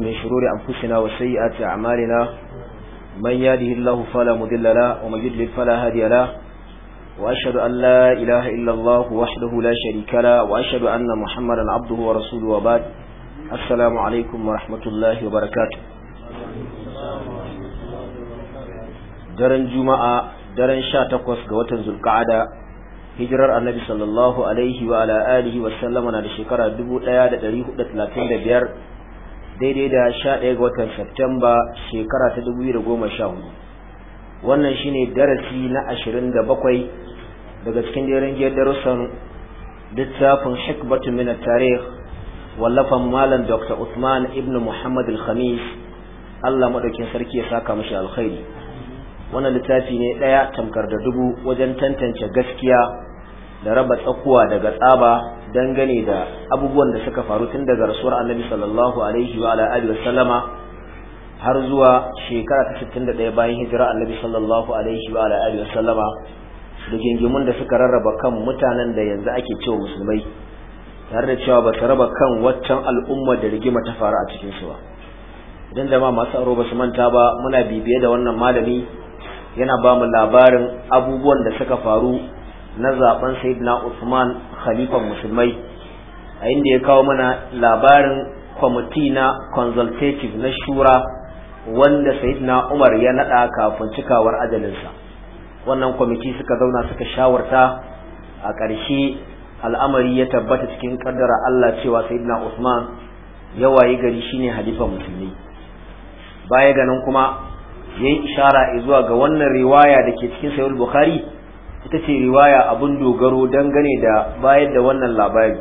من شرور أنفسنا وسيئات أعمالنا من يهده الله فلا مضل له ومن يضلل فلا هادي له وأشهد أن لا إله إلا الله وحده لا شريك له وأشهد أن محمدا عبده ورسوله وبعد السلام عليكم ورحمة الله وبركاته daren juma'a daren sha takwas ga watan zulka'ada hijirar annabi sallallahu alaihi wa ala alihi wa sallama na da shekara 1435 daidai da sha ɗaya ga watan Satumba shekara ta dubu da goma sha hudu. Wannan shine darasi na ashirin da bakwai daga cikin jerin jiyar darussan littafin hikbatu min tarih wallafan malam Dr. Usman ibn Muhammad al-Khamis Allah maɗaukin sarki ya saka mashi alkhairi. Wannan littafi ne ɗaya tamkar da dubu wajen tantance gaskiya da raba tsakuwa daga tsaba dangane da abubuwan da suka faru tun daga rasuwar annabi sallallahu alaihi wa alihi wasallama har zuwa shekara ta 61 bayan hijira annabi sallallahu alaihi wa alihi wasallama da gingimun da suka rarraba kan mutanen da yanzu ake cewa musulmai tare da cewa ba ta raba kan waccan al'umma da rigima ta faru a cikin su ba idan da ma masu aro ba su manta ba muna bibiye da wannan malami yana ba mu labarin abubuwan da suka faru na zaben sayyidina Usman khalifan musulmai a inda ya kawo mana labarin kwamiti na consultative na shura wanda sayyidina Umar ya nada kafin cikawar ajalinsa wannan kwamiti suka zauna suka shawarta a ƙarshe al'amari ya tabbata cikin kaddara Allah cewa sayyidina Usman ya wayi gari shine halifan musulmi baya ganin kuma yi ishara zuwa ga wannan riwaya da ke cikin Sayyid bukhari ita ce riwaya abun dogaro dangane da bayar da wannan labari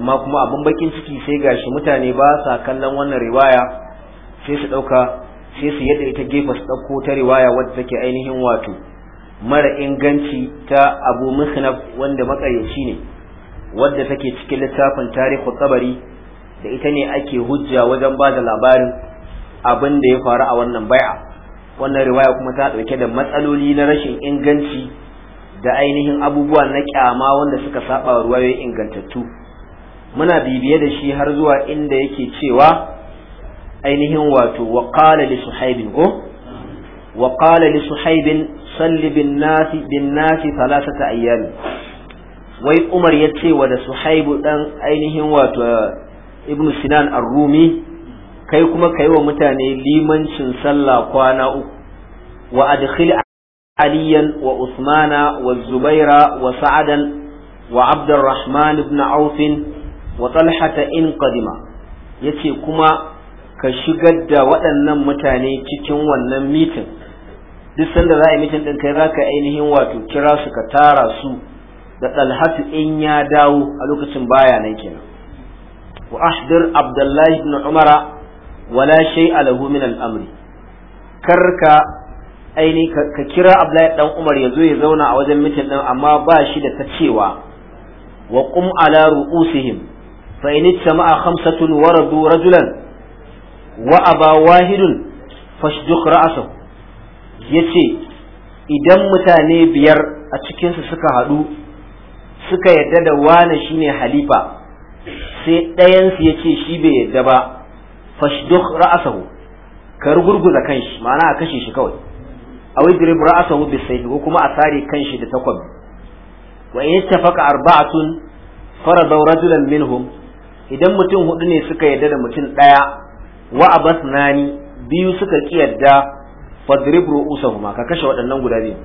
amma kuma abun bakin ciki sai gashi mutane ba sa kallon wannan riwaya sai su ɗauka sai su yadda ita gefe su ɗauko ta riwaya wadda take ainihin wato mara inganci ta abu musnaf wanda makaryaci ne wadda take cikin littafin tarihi tsabari da ita ne ake hujja wajen ba da labarin abin da ya faru a wannan bai'a wannan riwaya kuma ta ɗauke da matsaloli na rashin inganci da ainihin abubuwa na kyama wanda suka saba ruwayoyi ingantattu muna bibiye da shi har zuwa inda yake cewa ainihin wato wa qala li suhaibin ko wa qala li suhaibin salli bin nasi bin nasi thalathata ayyam wai Umar ya ce wa da suhaibu dan ainihin wato ibnu Sinan ar-Rumi kai kuma kai wa mutane limancin sallah kwana uku wa adkhil عليا وعثمان والزبير وسعدا وعبد الرحمن بن عوف وطلحة إن قدما يتي كما كشغد waɗannan متاني cikin ونن ميتن duk sanda za a yi mitin ɗin kai za ka ainihin wato kira su ka tara su da ɗalhatu in ya dawo a lokacin baya nan kenan wa ahdir abdullahi ibn umara wala shai alahu min al-amri karka aini ka kira Abdullahi dan Umar ya zo ya zauna a wajen mitin din amma ba shi da ta cewa wa qum ala ru'usihim fa in sama'a khamsatun waradu rajulan wa aba wahidun fashduq ra'sahu yace idan mutane biyar a cikin su suka hadu suka yadda da wani shine halifa sai ɗayan su yace shi bai yadda ba fashduk ra'sahu ka rugurguza kanshi ma'ana a kashe shi kawai aw yadrib ra'sahu bisayf ko kuma a sare kanshi da takwab wa in yattafaqa arba'atun faradaw rajulan minhum idan mutum hudu ne suka yarda da mutum daya wa abasnani biyu suka ki yarda fadrib ru'usahuma ka kashe waɗannan guda biyu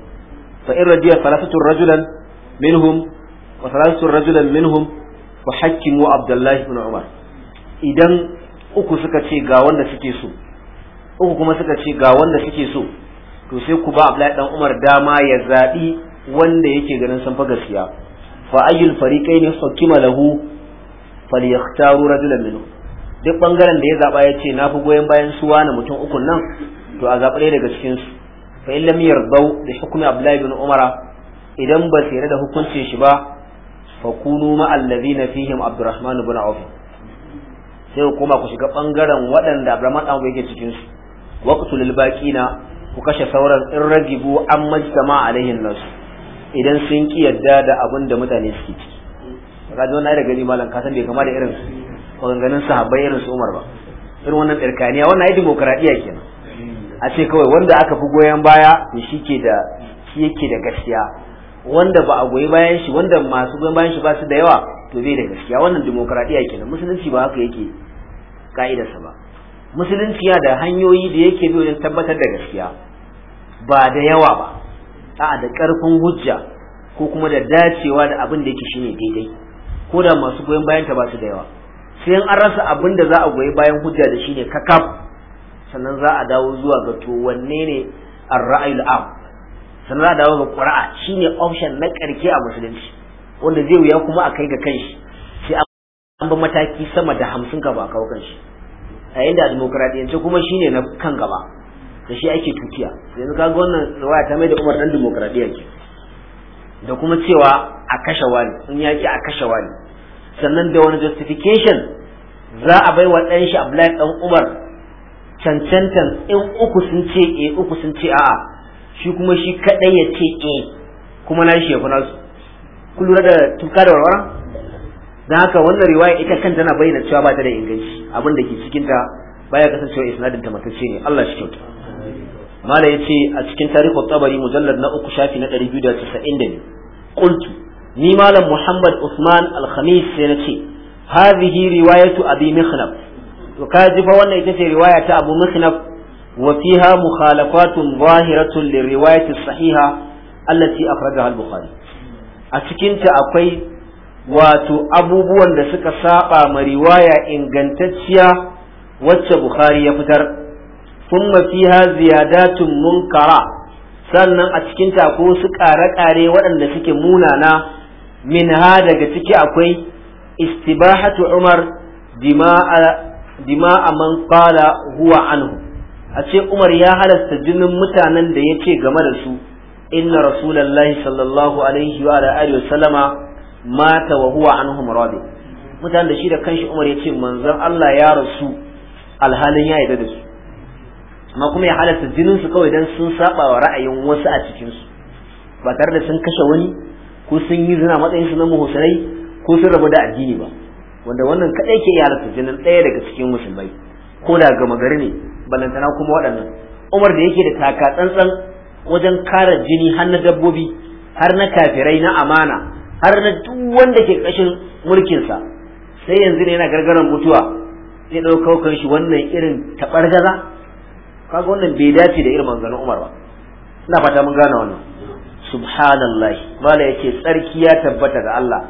fa in radiya salasatu rajulan minhum wa salasatu rajulan minhum wa hakimu abdullahi ibn umar idan uku suka ce ga wanda suke so uku kuma suka ce ga wanda suke so to sai ku ba Abdullahi dan Umar dama ya zabi wanda yake ganin san fa gaskiya fa ayyul fariqaini hukima lahu falyakhtaru rajulan minhu duk bangaren da ya zaba ya ce na fi goyon bayan su wani mutum ukun nan to a zaɓi daga cikin su fa in lam yardau da hukmi Abdullahi bin Umar idan ba su yarda da hukuncin shi ba fa kunu ma allazina fihim Abdurrahman ibn Auf sai ku koma ku shiga bangaren waɗanda Abdurrahman Auf yake cikin su waqtul baqina ku kashe sauran in ragibu an majtama alaihin nasu idan sun ki yadda da abin da mutane suke ciki ka ji da daga malam ka san bai kama da irin maganganun sahabbai irin su Umar ba irin wannan tsirkaniya wannan ai demokradiya kenan a ce kawai wanda aka fi goyon baya to shi ke da shi yake da gaskiya wanda ba a goyi bayan shi wanda masu goyon bayan shi ba su da yawa to bai da gaskiya wannan demokradiya kenan musulunci ba haka yake ka'idarsa ba musulunci yana da hanyoyi da yake bi wajen tabbatar da gaskiya ba da yawa ba a da ƙarfin hujja ko kuma da dacewa da abin da yake shine daidai ko da masu goyon bayan ta ba su da yawa sai an rasa abin da za a goyi bayan hujja da shine kakaf sannan za a dawo zuwa ga to wanne ne ar-ra'ayul am sannan za a dawo ga qur'a shine option na karke a musulunci wanda zai wuya kuma a kai ga kanshi sai an ba mataki sama da hamsin ka ba kawo kanshi a inda ce kuma shine na kan gaba da shi ake tutiya yanzu kaga wannan riwaya ta mai da Umar dan demokradiyance da kuma cewa a kashe wani in yaki a kashe wani sannan da wani justification za a bai wa ɗan shi Abdullahi dan Umar cancantan in uku sun ce eh uku sun ce a'a shi kuma shi kadai ya ce eh kuma na shi ya fi nasu kun lura da tuka da warwara dan haka wannan riwaya ita kan tana bayyana cewa ba ta da inganci abin da ke cikin ta baya kasancewa isnadin ta matacce ne Allah shi kyauta mala yace a cikin tarihu tabari mujallad na uku shafi na 292 qultu ni malam muhammad usman al-khamis sai nace hadhihi riwayatu abi mikhnaf to kaji fa wannan ita ce riwaya ta abu mikhnaf وفيها sahiha ظاهرة للرواية الصحيحة التي أخرجها a cikinta akwai. wato abubuwan da suka saba ma riwaya ingantacciya wacce Bukhari ya fitar thumma fiha ziyadatun munkara sannan a cikin ta ko su ƙare kare waɗanda suke munana Min ha daga ciki akwai istibahatu Umar dima a man qala huwa anhu a ce Umar ya halasta jinin mutanen da ya ce game da su inna rasulallahi sallallahu alaihi wa alihi wa sallama mata wa huwa anhum radi mutanen da shi da kanshi Umar ya ce manzon Allah ya rasu alhalin ya yarda da su amma kuma ya halatta jinin su kawai dan sun saba wa ra'ayin wasu a cikin su ba tare da sun kashe wani ko sun yi zina matsayin su na muhusanai ko sun rabu da addini ba wanda wannan kadai ke ya halatta jinin ɗaya daga cikin musulmai ko da gama gari ne balantana kuma waɗannan umar da yake da taka tsantsan wajen kare jini har na dabbobi har na kafirai na amana har na duk wanda ke ƙashin mulkinsa sai yanzu ne yana gargaran mutuwa zai ɗaukau kan shi wannan irin taɓargaza kaga wannan bai dace da irin manzanin umar ba ina fata mun gane wannan subhanallah mala yake tsarki ya tabbata ga Allah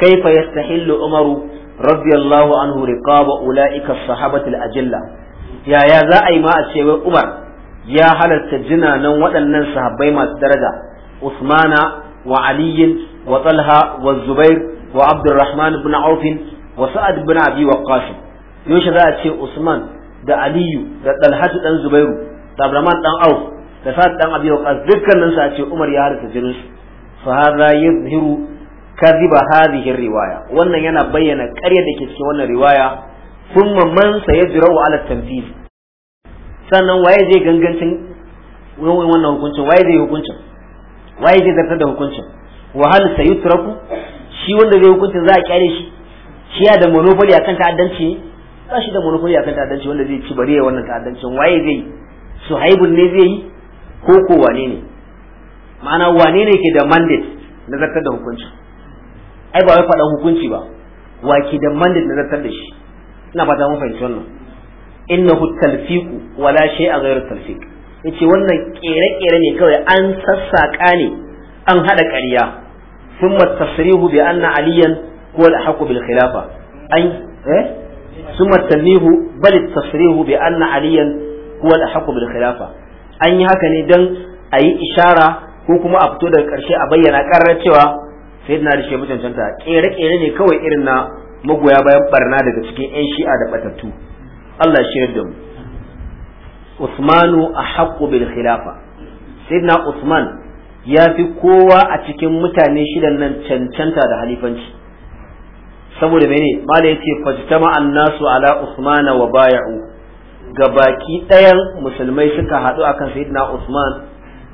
kaifa yastahillu umaru radiyallahu anhu riqaba ulaika sahabati al-ajilla yaya za a yi ma a ce wai umar ya halarta nan waɗannan sahabbai masu daraja usmana wa aliyin wa talha wa zubair wa Abdulrahman ibn auf wa sa'ad ibn abi waqqas yaushe za a ce usman da aliyu da talhatu dan zubairu da abdurrahman dan auf da sa'ad dan abi waqqas dukkanin su a ce umar ya harka jinin su fa hadha yuzhiru kadhiba hadhihi riwaya wannan yana bayyana ƙarya da ke cikin wannan riwaya thumma man sayajra'u sannan waye zai gangancin wannan hukuncin waye zai hukuncin waye zai zartar da hukuncin wa hal sayutraku shi wanda zai hukunta za a kyale shi shi ya da monopoli akan ta'addanci ne ba shi da monopoli akan ta'addanci wanda zai ci bari wannan ta'addancin waye zai suhaibun ne zai yi ko ko wane ne ma'ana wane ne ke da mandate na zartar da hukunci ai ba wai faɗan hukunci ba wa ke da mandate na zartar da shi ina fata mun fahimci wannan innahu talfiqu wala shay'a ghayru talfiq yace wannan kere-kere ne kawai an sassaka ne an hada ƙarya ثم التصريح بأن عليا هو الأحق بالخلافة أي إيه؟ ثم التنبيه بل التصريح بأن عليا هو الأحق بالخلافة أن هكذا دن أي إشارة ko kuma a fito daga ƙarshe a bayyana ƙarar cewa sai na da shi mutuntanta ƙere-ƙere ne kawai irin na magoya bayan barna daga cikin 'yan shi'a da batattu Allah ya shirya Usmanu a Usman ya fi kowa a cikin mutane shidan nan cancanta da halifanci saboda mene mala yace fajtama annasu ala usmana wa bay'u baki ɗayan musulmai suka haɗu akan sayyidina usman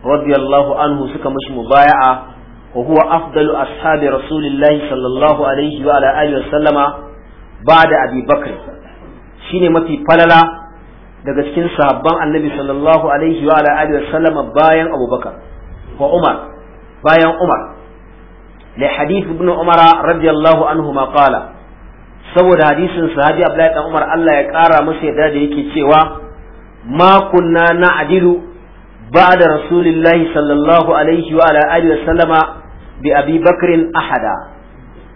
radiyallahu anhu suka mishi mubaya'a wa huwa afdalu ashabi rasulillahi sallallahu alaihi wa ala alihi wa sallama ba'da abi bakr shine mafi falala daga cikin sahabban annabi sallallahu alaihi wa ala alihi sallama bayan abubakar wa Umar bayan Umar li hadith ibn Umar radiyallahu anhu ma qala saboda hadisin sahabi Abdullahi dan Umar Allah ya kara masa yadda da yake cewa ma kunna na'dilu ba'da rasulillahi sallallahu alaihi wa ala alihi wa sallama bi Abi Bakr ahada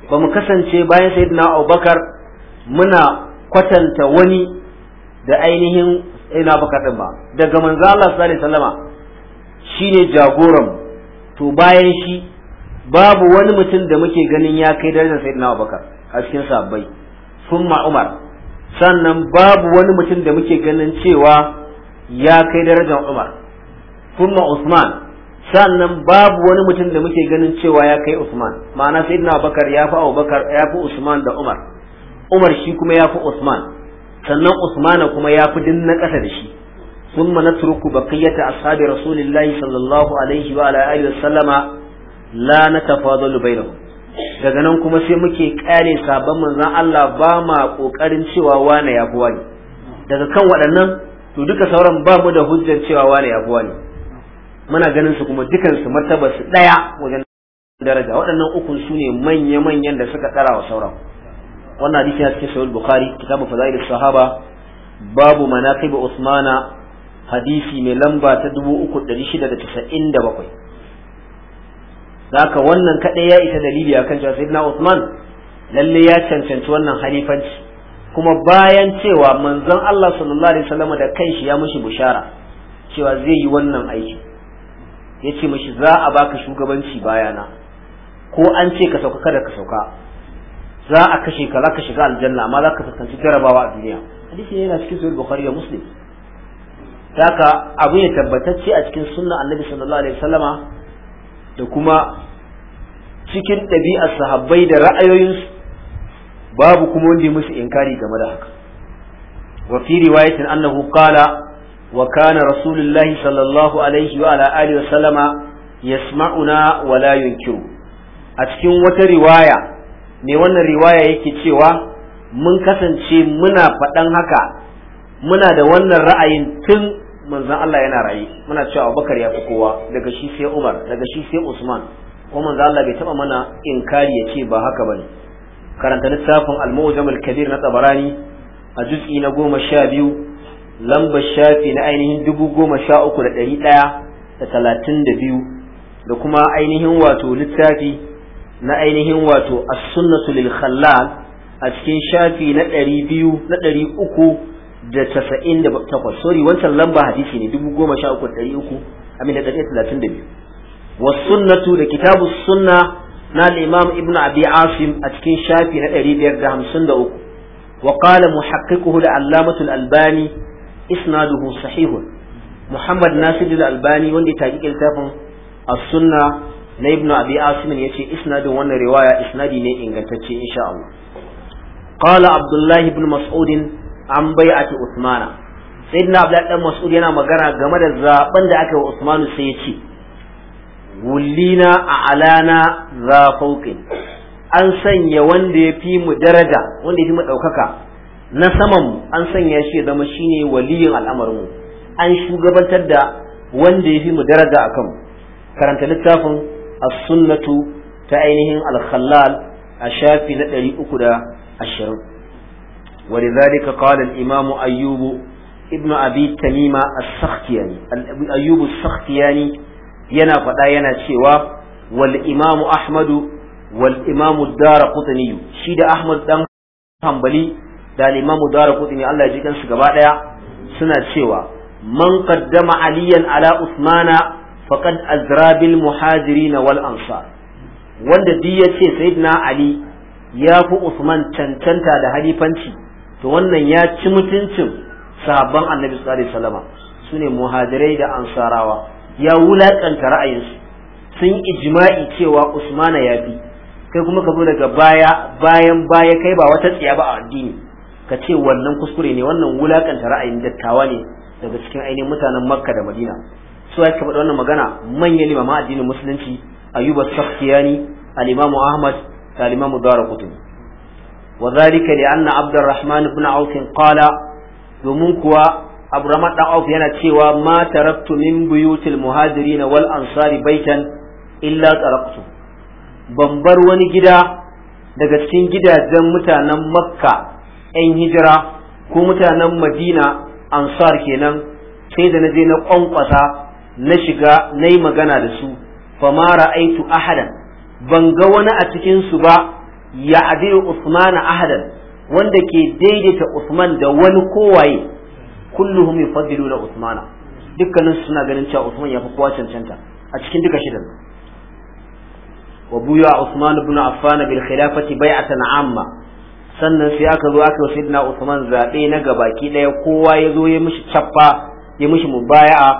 ba mu kasance bayan sayyidina Abubakar muna kwatanta wani da ainihin ina baka din ba daga manzo Allah sallallahu alaihi wa wasallama Shi ne jagoran to bayan shi babu wani mutum da muke ganin ya kai darajar na Abubakar a cikin sahabbai sun Umar sannan babu wani mutum da muke ganin cewa ya kai darajar Umar sun Usman sannan babu wani mutum da muke ganin cewa ya kai Usman ma'ana na Abubakar ya fi Abubakar ya fi Usman da Umar Umar shi kuma ya fi Usman sannan Usman kuma ya fi din na ƙasa da shi ثم نترك بقية أصحاب رسول الله صلى الله عليه وعلى آله وسلم لا نتفاضل بينهم daga nan kuma sai muke kare sabon manzon Allah ba ma kokarin cewa wane ya fi wani daga kan waɗannan to duka sauran ba mu da hujjar cewa wane ya fi wani muna ganin su kuma dukan su martaba su daya wajen daraja waɗannan ukun su ne manya manyan da suka tsara wa sauran wannan hadisi ya cikin sahih bukhari kitabu fadailus sahaba babu manaqib usmana hadisi mai lamba ta 3697 ka wannan kaɗai ya isa dalili a kan na Usman? lalle ya cancanci wannan halifanci kuma bayan cewa manzon Allah sallallahu alaihi wasallama da kanshi ya mushi bushara cewa zai yi wannan aiki Ya yace mashi za a baka shugabanci bayana ko an ce ka sauka kada ka sauka za a kashe ka za ka shiga aljanna amma za ka fuskanci jarabawa a duniya hadisi yana cikin sahih bukhari da muslim haka abu ya tabbatacce a cikin sunna annabi sallallahu alaihi wasallama da kuma cikin ɗabi'ar sahabbai da ra'ayoyinsu babu kuma wanda ya musu inkari game da haka wa fi riwayatin annahu qala wa kana rasulullahi sallallahu alaihi wa ala alihi wasallama yasma'una wa la yunkiru a cikin wata riwaya ne wannan riwaya yake cewa mun kasance muna faɗan haka muna da wannan ra'ayin tun manzon Allah yana raye muna cewa Abubakar ya fi kowa daga shi sai Umar daga shi sai Usman ko manzon Allah bai taba mana inkari yace ce ba haka bane karanta littafin al-Mu'jam al-Kabir na Tabarani a juz'i na goma sha biyu lamba shafi na ainihin dubu goma sha uku da ɗari ɗaya da talatin da biyu da kuma ainihin wato littafi na ainihin wato as-sunnatu lil khallal a cikin shafi na ɗari biyu na ɗari uku da tasa'in da takwas wancan lamba hadisi ne dubu goma sha uku ɗari uku amin da ɗari talatin da biyu wasunnatu da kitabu sunna na imam ibn abi asim a cikin shafi na ɗari biyar da hamsin da uku wa qala muhaqqiquhu da allamatul albani isnaduhu sahihun muhammad nasirul albani wanda ya taƙi littafin as-sunna na ibn abi asim ya ce isnadin wannan riwaya isnadi ne ingantacce insha Allah qala abdullahi ibn mas'udin an bai ake usmana sayyidina abu dan mas'ud yana magana game da zaben da aka yi wa usmanu sai ya ce wullina a alana za fauqin an sanya wanda ya fi mu daraja wanda ya fi mu ɗaukaka na saman an sanya shi ya zama shi ne waliyin al'amarinmu an shugabantar da wanda ya fi mu daraja a kan karanta littafin as-sunnatu ta ainihin al-khallal a shafi na ɗari uku da ashirin ولذلك قال الإمام أيوب ابن أبي تميمة السختياني أيوب السختياني ينا فدا ينا شوا والإمام أحمد والإمام الدار قطني شيد أحمد دم حنبلي da limamu dara kudini Allah ya ji kansu gaba daya suna cewa man qaddama aliyan ala usmana faqad azra bil muhajirin wal ansar wanda duk ya ce sayyidina ali ya fi usman cancanta da halifanci to wannan ya ci mutuncin sahabban annabi sallallahu alaihi wasallam sune muhajirai da ansarawa ya wulakanta ra'ayinsu sun ijma'i cewa usmana ya fi kai kuma ka zo daga baya bayan baya kai ba wata tsiya ba a addini ka ce wannan kuskure ne wannan wulakanta ra'ayin dattawa ne daga cikin ainihin mutanen makka da madina su ya kafa wannan magana manyan limama addinin musulunci ayyuba sakhiyani al-imamu ahmad da al-imamu dara وذلك لأن عبد الرحمن بن عوف قال يمنكوا abu ramad dan auf yana cewa ma taraktu min buyutil muhajirin wal ansari baitan illa taraktu ban bar wani gida daga cikin gidajen mutanen makka yan hijira ko mutanen madina ansar kenan sai da na je na kwankwasa na shiga na yi magana da su fa ma ra'aitu ahadan ban ga wani a cikin su ba ya adilu Usman ahadan wanda ke daidaita Usman da wani kowaye kulluhum na Usmana dukkanin suna ganin cewa Usman yafi fi kowa cancanta a cikin duka shidan wa buya Usman ibn Affan bil khilafati bai'atan amma sannan sai aka zo aka yi na Usman zaɓe na gabaki daya kowa ya zo ya mishi chaffa ya mishi mubaya'a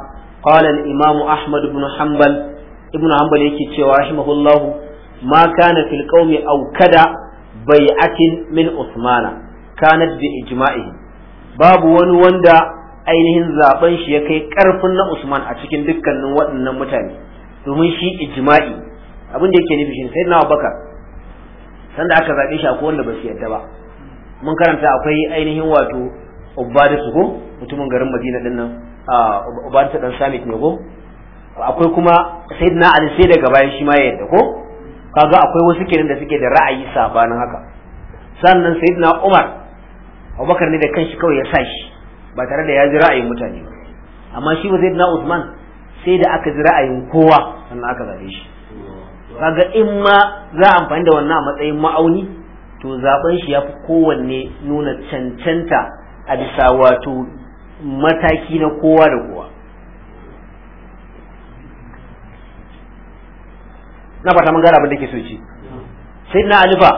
qala al-imam Ahmad ibn Hanbal ibn Hanbal yake cewa rahimahullahu ma kana fil qaumi aw kada min usmana kanat da ijma'i babu wani wanda ainihin zaben shi ya kai karfin na usman a cikin dukkanin waɗannan mutane domin shi ijma'i abin da yake nufi shi sayyidina abubakar sanda aka zaɓe shi akwai wanda ba su yadda ba mun karanta akwai ainihin wato ubada su ko mutumin garin madina din nan ubada ta dan samit ne ko akwai kuma sayyidina ali sai daga bayan shi ma ya yadda ko kaga akwai wasu kenan da suke da ra'ayi sabanin haka sannan sayyidina Umar Abubakar ne da kanshi kawai ya sa shi ba tare da ya ji ra'ayin mutane ba amma shi ba sayyidina Usman sai da aka ji ra'ayin kowa sannan aka zabe shi kaga in ma za a amfani da wannan a matsayin ma'auni to zaben shi ya fi kowanne nuna cancanta a bisa wato mataki na kowa da kowa na fata mun gara abin da ke so ci sai na alifa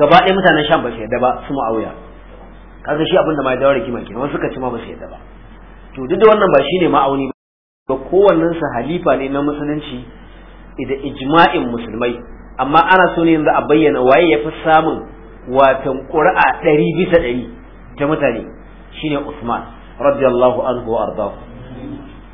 gaba ɗaya mutanen sham ba su yadda ba su mu'awiya kaga shi abin da ma ya dawo kima kenan wasu suka ci ma ba su yadda ba to duk da wannan ba shi ne ma'auni ba kowannen sa halifa ne na musulunci da ijma'in musulmai amma ana so ne yanzu a bayyana waye ya fi samun watan kuri'a ɗari bisa ɗari ta mutane shine Usman radiyallahu anhu wa ardahu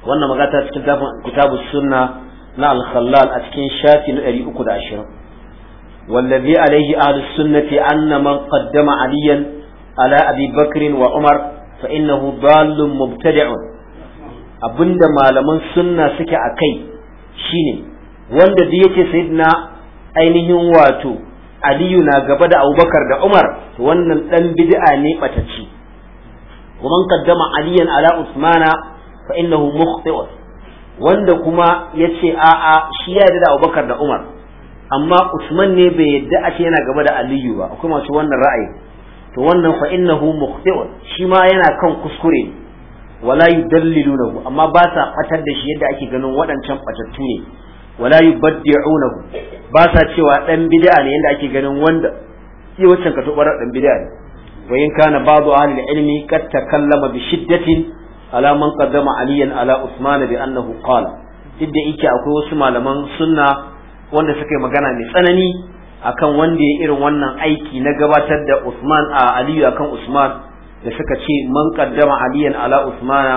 wannan magata cikin kitabu sunna na al-khallal a cikin shafi na 320 wallazi alaihi ahlus sunnati anna man qaddama aliyan ala abi bakr wa umar fa innahu dallun mubtadi'un abinda malaman sunna suke akai shine wanda da yake sayyidina ainihin wato aliyu na gaba da abubakar da umar to wannan dan bid'a ne batacci ومن قدم عليا usmana عثمان فإنه مخطئ wanda kuma ya ce a'a shi ya yarda da abubakar da umar amma usman ne bai yarda a ce yana gaba da aliyu ba akwai masu wannan ra'ayi to wannan fa innahu mukhti'un shi ma yana kan kuskure wala yudallilunahu amma ba sa fatar da shi yadda ake ganin waɗancan fatattu ne wala yubaddi'unahu ba sa cewa dan bid'a ne yadda ake ganin wanda shi wancan ka tubar dan bid'a ne wa in kana ba'du ahli ilmi kad takallama bi shiddatin ala man qaddama aliyan ala usman bi annahu duk da yake akwai wasu malaman sunna wanda suka yi magana mai tsanani akan wanda ya irin wannan aiki na gabatar da usman a aliyu akan usman da suka ce man qaddama aliyan ala usmana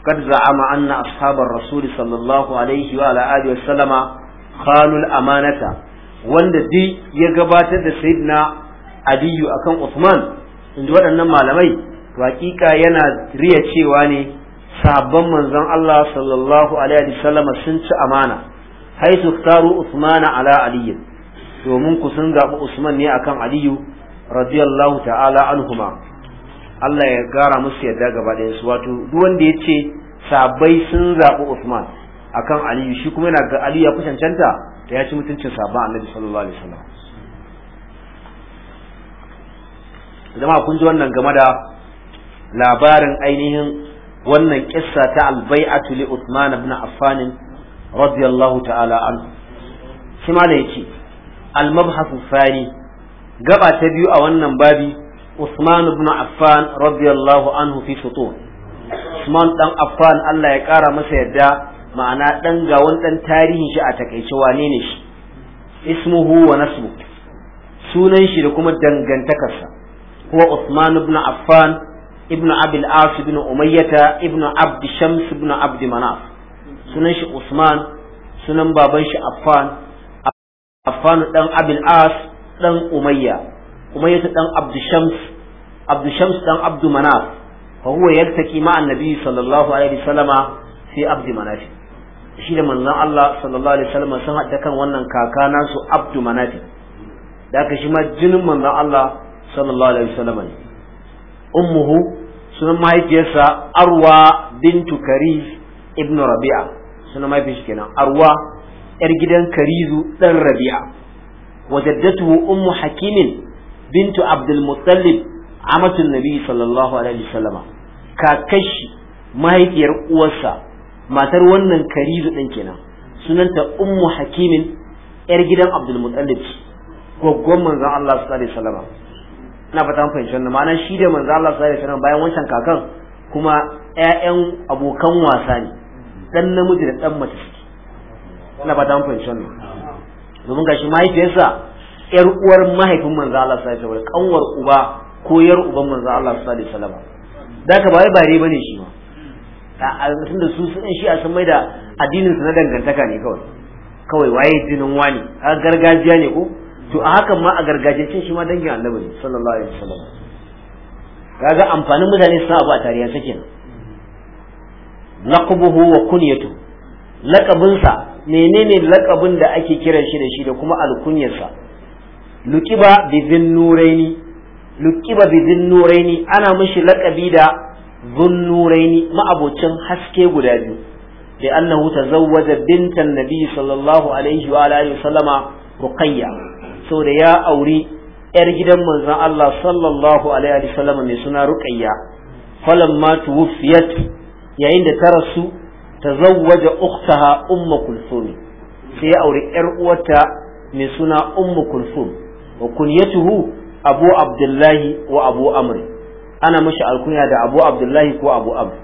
قد زعم أن أصحاب الرسول sallallahu alaihi wa ala آله وسلم خانوا amanata. wanda duk ya gabatar da sayyidina aliyu akan Usman in ji waɗannan malamai Wakika yana riya cewa ne sabon manzon Allah sallallahu alaihi wasallam sun ci amana haisu taru usmana ala domin ku sun zaɓi usman ne akan aliyu radiyallahu ta'ala anhuma Allah ya gara musu yadda gaba ɗaya su wato duk wanda ya ce sabai sun zaɓi usman akan aliyu shi kuma yana ga aliyu ya kusan da ya ci mutuncin sabon annabi sallallahu alaihi wasallam jama'a kun ji wannan game da labarin ainihin wannan kissa ta albai'atu li Uthman ibn Affan radiyallahu ta'ala anhu shi ma yace al-mabhasu thani gaba ta biyu a wannan babi Uthman ibn Affan radiyallahu anhu fi futur Usman dan Affan Allah ya kara masa yadda ma'ana dan gawon ɗan dan tarihin shi a takaice wane ne shi ismuhu wa nasbu sunan shi da kuma dangantakarsa kuwa Uthman ibn Affan ibnu abil as ibn umayyata ibnu abd shams ibn abd manaf sunan shi usman sunan baban shi affan affan dan abil as dan umayya umayyata dan abd shams abd shams dan abd manaf fa huwa yaltaki ma annabi sallallahu alaihi wasallama fi abd manaf shi da manzon Allah sallallahu alaihi wasallam sun haɗa kan wannan kaka nasu abdu manafi da ka shi ma jinin manzon Allah sallallahu alaihi wasallam ne ummuhu sunan mahaifiyarsa arwa bintu kariz ibn rabi'a sunan mahaifiyarsa kenan arwa yar gidan karizu dan rabi'a wajaddatuhu ummu hakimin bintu abdul muttalib amatun nabi sallallahu alaihi kakashi mahaifiyar uwarsa matar wannan karizu din kenan sunanta ummu hakimin yar gidan abdul muttalib gwaggwan manzon Allah sallallahu alaihi na fata mun fahimci wannan ma'ana shi da manzo Allah sallallahu alaihi wasallam bayan wancan kakan kuma ƴaƴan abokan wasa ne dan namiji da dan mace na fata mun fahimci wannan domin gashi mahaifiyarsa ƴar uwar mahaifin manzo Allah sallallahu alaihi wasallam kanwar uba ko yar uban manzo Allah sallallahu alaihi wasallam da ka bai bare bane shi ma a da su sun shi a san mai da addinin su na dangantaka ne kawai kawai waye jinin wani a gargajiya ne ko to a hakan ma a gargajiyancin shi ma dangin annabi sallallahu alaihi wasallam kaga amfanin mutane suna abu a tariya sake laqabuhu wa kunyatu sa menene laƙabin da ake kiran shi da shi da kuma alkunyarsa luqiba bi dhinnuraini luqiba bi dhinnuraini ana mishi laqabi da dhunnuraini ma'abocin haske guda biyu da annahu tazawwaja bintan nabi sallallahu alaihi wa alihi wasallama da ya auri yar gidan manzon Allah sallallahu alaihi wa sallam mai suna Ruqayya falamma tuwfiyat yayin da ta rasu tazawwaja ukhtaha ummu kulthum sai ya auri yar uwarta mai suna ummu kulthum wa kunyatuhu abu abdullahi wa abu amr ana mashi alkunya da abu abdullahi ko abu amr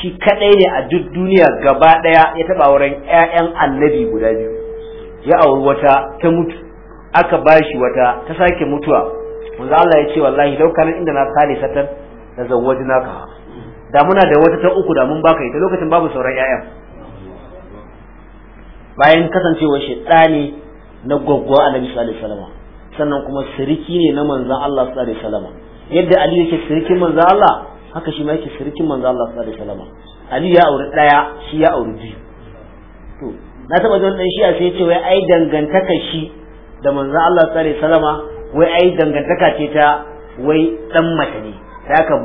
shi kadai ne a duk duniya gaba daya ya taba wurin ƴaƴan annabi guda biyu ya auri wata ta mutu aka bashi wata ta sake mutuwa wanda Allah ya ce wallahi lau inda na kale satan da zawwaji naka da muna da wata ta uku da mun baka ita lokacin babu sauran ƴaƴan bayan shi shedani na gwaggwa annabi sallallahu alaihi wasallam sannan kuma siriki ne na manzon Allah sallallahu alaihi wasallam yadda Ali yake sirikin manzon Allah haka shi ma yake sirikin manzon Allah sallallahu alaihi wasallam Ali ya auri daya shi ya auri biyu to na taba jin dan shi a sai ya ce wai ai dangantaka shi da manzo Allah sallallahu alaihi wasallama wai ai dangantaka ce ta wai dan mace ne da aka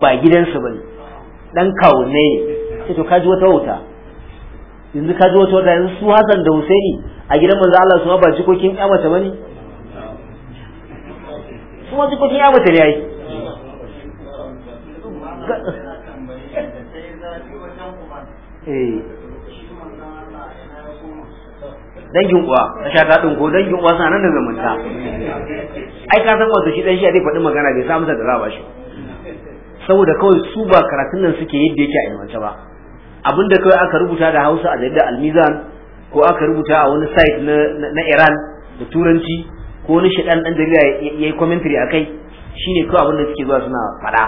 ba gidansu bane dan kawo ne sai to kaji wata wuta yanzu kaji wata wuta yanzu su Hassan da Husaini a gidan manzo Allah su ma ba jikokin 'ya' mace bane su jikokin ƴa mace ne ai eh dangin uwa ta sha ta ko dangin uwa suna nan da zamanta ai ka san wato shi dan shi zai faɗi magana bai samu da za ba shi saboda kawai su ba karatun nan suke yadda yake a ilmance ba abinda kawai aka rubuta da Hausa a jaridar Almizan ko aka rubuta a wani site na Iran da Turanci ko wani shaɗan ɗan jarida yayi commentary akai shine kawai abinda suke zuwa suna faɗa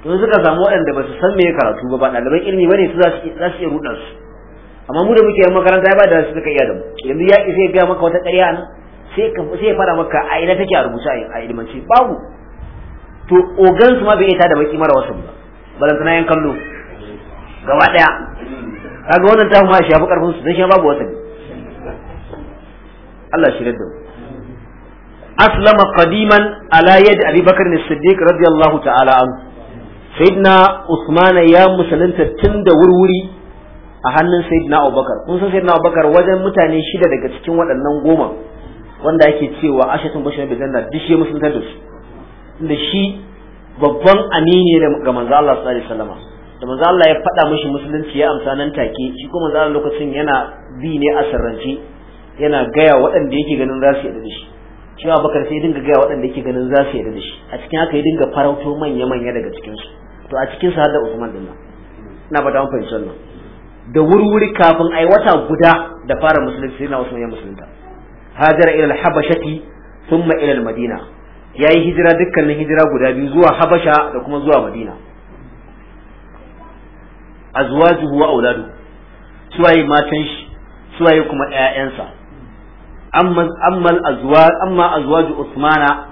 to suka samu waɗanda ba su san me karatu ba ba ɗaliban ilimi bane su za su iya rudan su amma mu da muke yan makaranta ya ba da su suka iya da mu yanzu ya sai ya maka wata ƙarya nan sai ka sai ya fara maka a ina take a rubuce a ilmanci babu to ogan su ma bai ita da baki mara wasu ba balantana yan kallo gaba daya kaga wannan ta ma shafi karfin su dan shi babu wata Allah shi da mu أسلم قديما على يد أبي بكر الصديق رضي الله تعالى عنه سيدنا عثمان يا مسلمة تند وروري a hannun sayyidina abubakar kun san sayyidina abubakar wajen mutane shida daga cikin waɗannan goma wanda ake cewa ashatun bashir bai zanna duk shi musulunta da su inda shi babban amini ne ga manzo Allah sallallahu alaihi wasallam da manzo Allah ya faɗa mishi musulunci ya amsa nan take shi kuma manzo Allah lokacin yana bi ne a sarrance yana gaya waɗanda yake ganin za su yarda da shi shi abubakar sai dinga gaya waɗanda yake ganin za su yarda da shi a cikin haka ya dinga farauto manya-manya daga cikinsu to a cikinsu har da usman dinna ina ba ta fahimci wannan da wurwuri kafin ai wata guda da fara musulunci sai na wasu ya musulunta hajara ila al-habashati thumma ila al-madina yayi hijira dukkanin hijira guda biyu zuwa habasha da kuma zuwa madina azwajuhu wa auladu suwaye matan shi suwaye kuma ƴaƴansa amma amma azwaj amma azwaj usmana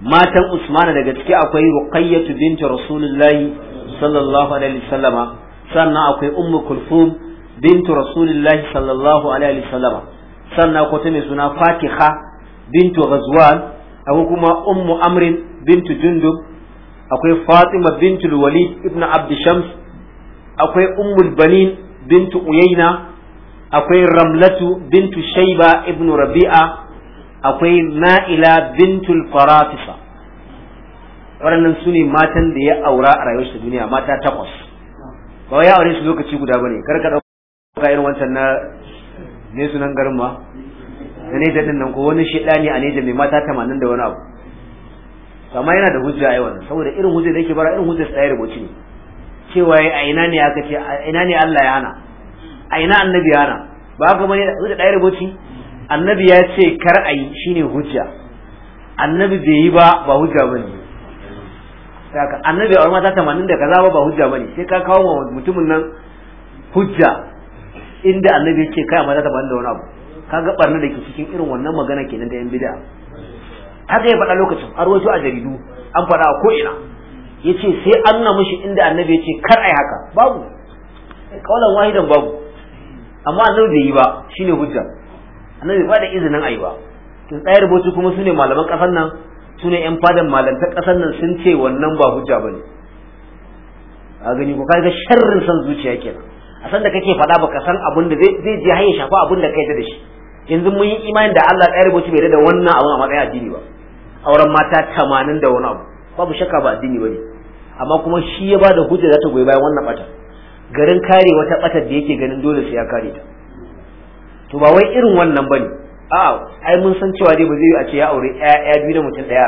matan usmana daga ciki akwai ruqayyah bint rasulullahi sallallahu alaihi wasallama sannan akwai ummu kulthum bintu rasulillahi sallallahu alaihi wasallam sannan akwai mai suna fatiha bintu ghazwan akwai kuma ummu amrin bintu jundub akwai fatima bintu walid ibnu abd shams akwai ummul banin bintu uyayna akwai ramlatu bintu shayba ibnu rabi'a akwai na'ila bintul farafisa waɗannan su ne matan da ya aura a rayuwarsa duniya mata takwas ba ya aure su lokaci guda bane kar ka dauka irin wancan na ne sunan garin ma na ne dadin nan ko wani shedani a ne da mai mata 80 da wani abu amma yana da hujja ai wannan saboda irin hujja da yake bara irin hujja tsayar boci ne cewa ai ina ne aka ce a ina ne Allah ya hana a ina annabi ya hana ba ka bane hujja tsayar boci annabi ya ce kar ayi shine hujja annabi bai yi ba ba hujja bane saka annabi a mata tamanin da kaza ba hujja bane sai ka kawo wa mutumin nan hujja inda annabi yake kai mata tamanin da wani abu kaga barna da ke cikin irin wannan magana kenan da yan bid'a haka ya faɗa lokacin har a jaridu an faɗa a ko'ina ya ce sai an nuna mishi inda annabi ya ce kar yi haka babu kawalan wahidan babu amma annabi bai yi ba shine hujja annabi ba da izinin ayi ba tun tsayar kuma su ne malaman kasar nan su ne yan fadan malantar ƙasar nan sun ce wannan ba hujja bane a gani ko kaga sharrin san zuciya kenan a san da kake faɗa baka san abin da zai je har ya shafa abin da kai da shi yanzu mun yi imanin da Allah ya rubuci bai da wannan abin a matsayin addini ba auren mata tamanin da wani abu babu shakka ba addini bane amma kuma shi ya bada hujja za ta goyi bayan wannan bata garin kare wata batar da yake ganin dole sai ya kare ta to ba wai irin wannan bane a ai mun san cewa dai ba zai yi a ce ya aure ya biyu da mutum ɗaya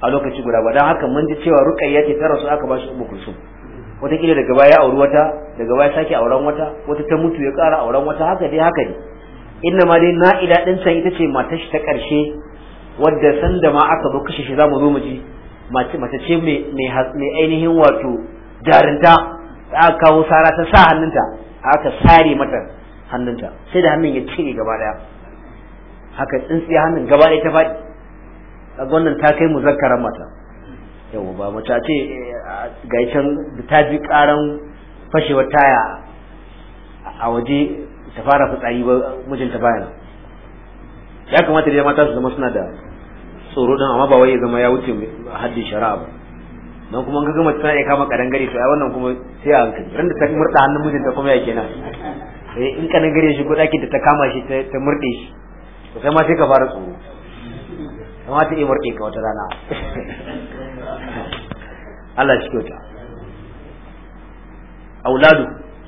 a lokaci guda ba dan haka mun ji cewa Rukayya ce ta rasu aka ba shi ummu wata kila daga baya ya auri wata daga baya sake auren wata wata ta mutu ya ƙara auren wata haka dai haka ne inna ma dai na ila ɗin can ita ce matar shi ta ƙarshe wadda sanda ma aka zo kashe shi za mu zo mu ji mace ce mai ainihin wato jarinta da aka kawo sara ta sa hannunta aka sare mata hannunta sai da hannun ya cire gaba daya haka tsintsiya hannun gaba ɗaya ta faɗi wannan ta kai mu zakkaran mata yau ba mu ce eh, ga can da ta ji karan fashewar taya a waje ta fara fitsari ba mijinta baya ya kamata da mata su zama suna da tsoro din amma ba wai ya zama ya wuce haddin shari'a ba don kuma ga gama tana iya kama kadan gari to ai wannan kuma sai a hankali ran da ta murda hannun mijinta kuma ya kenan eh in kadan gari shi ko da ta kama shi ta murde shi to kai ma sai ka fara tsoro kamata iya murɗe ka wata rana Allah shi kyauta auladu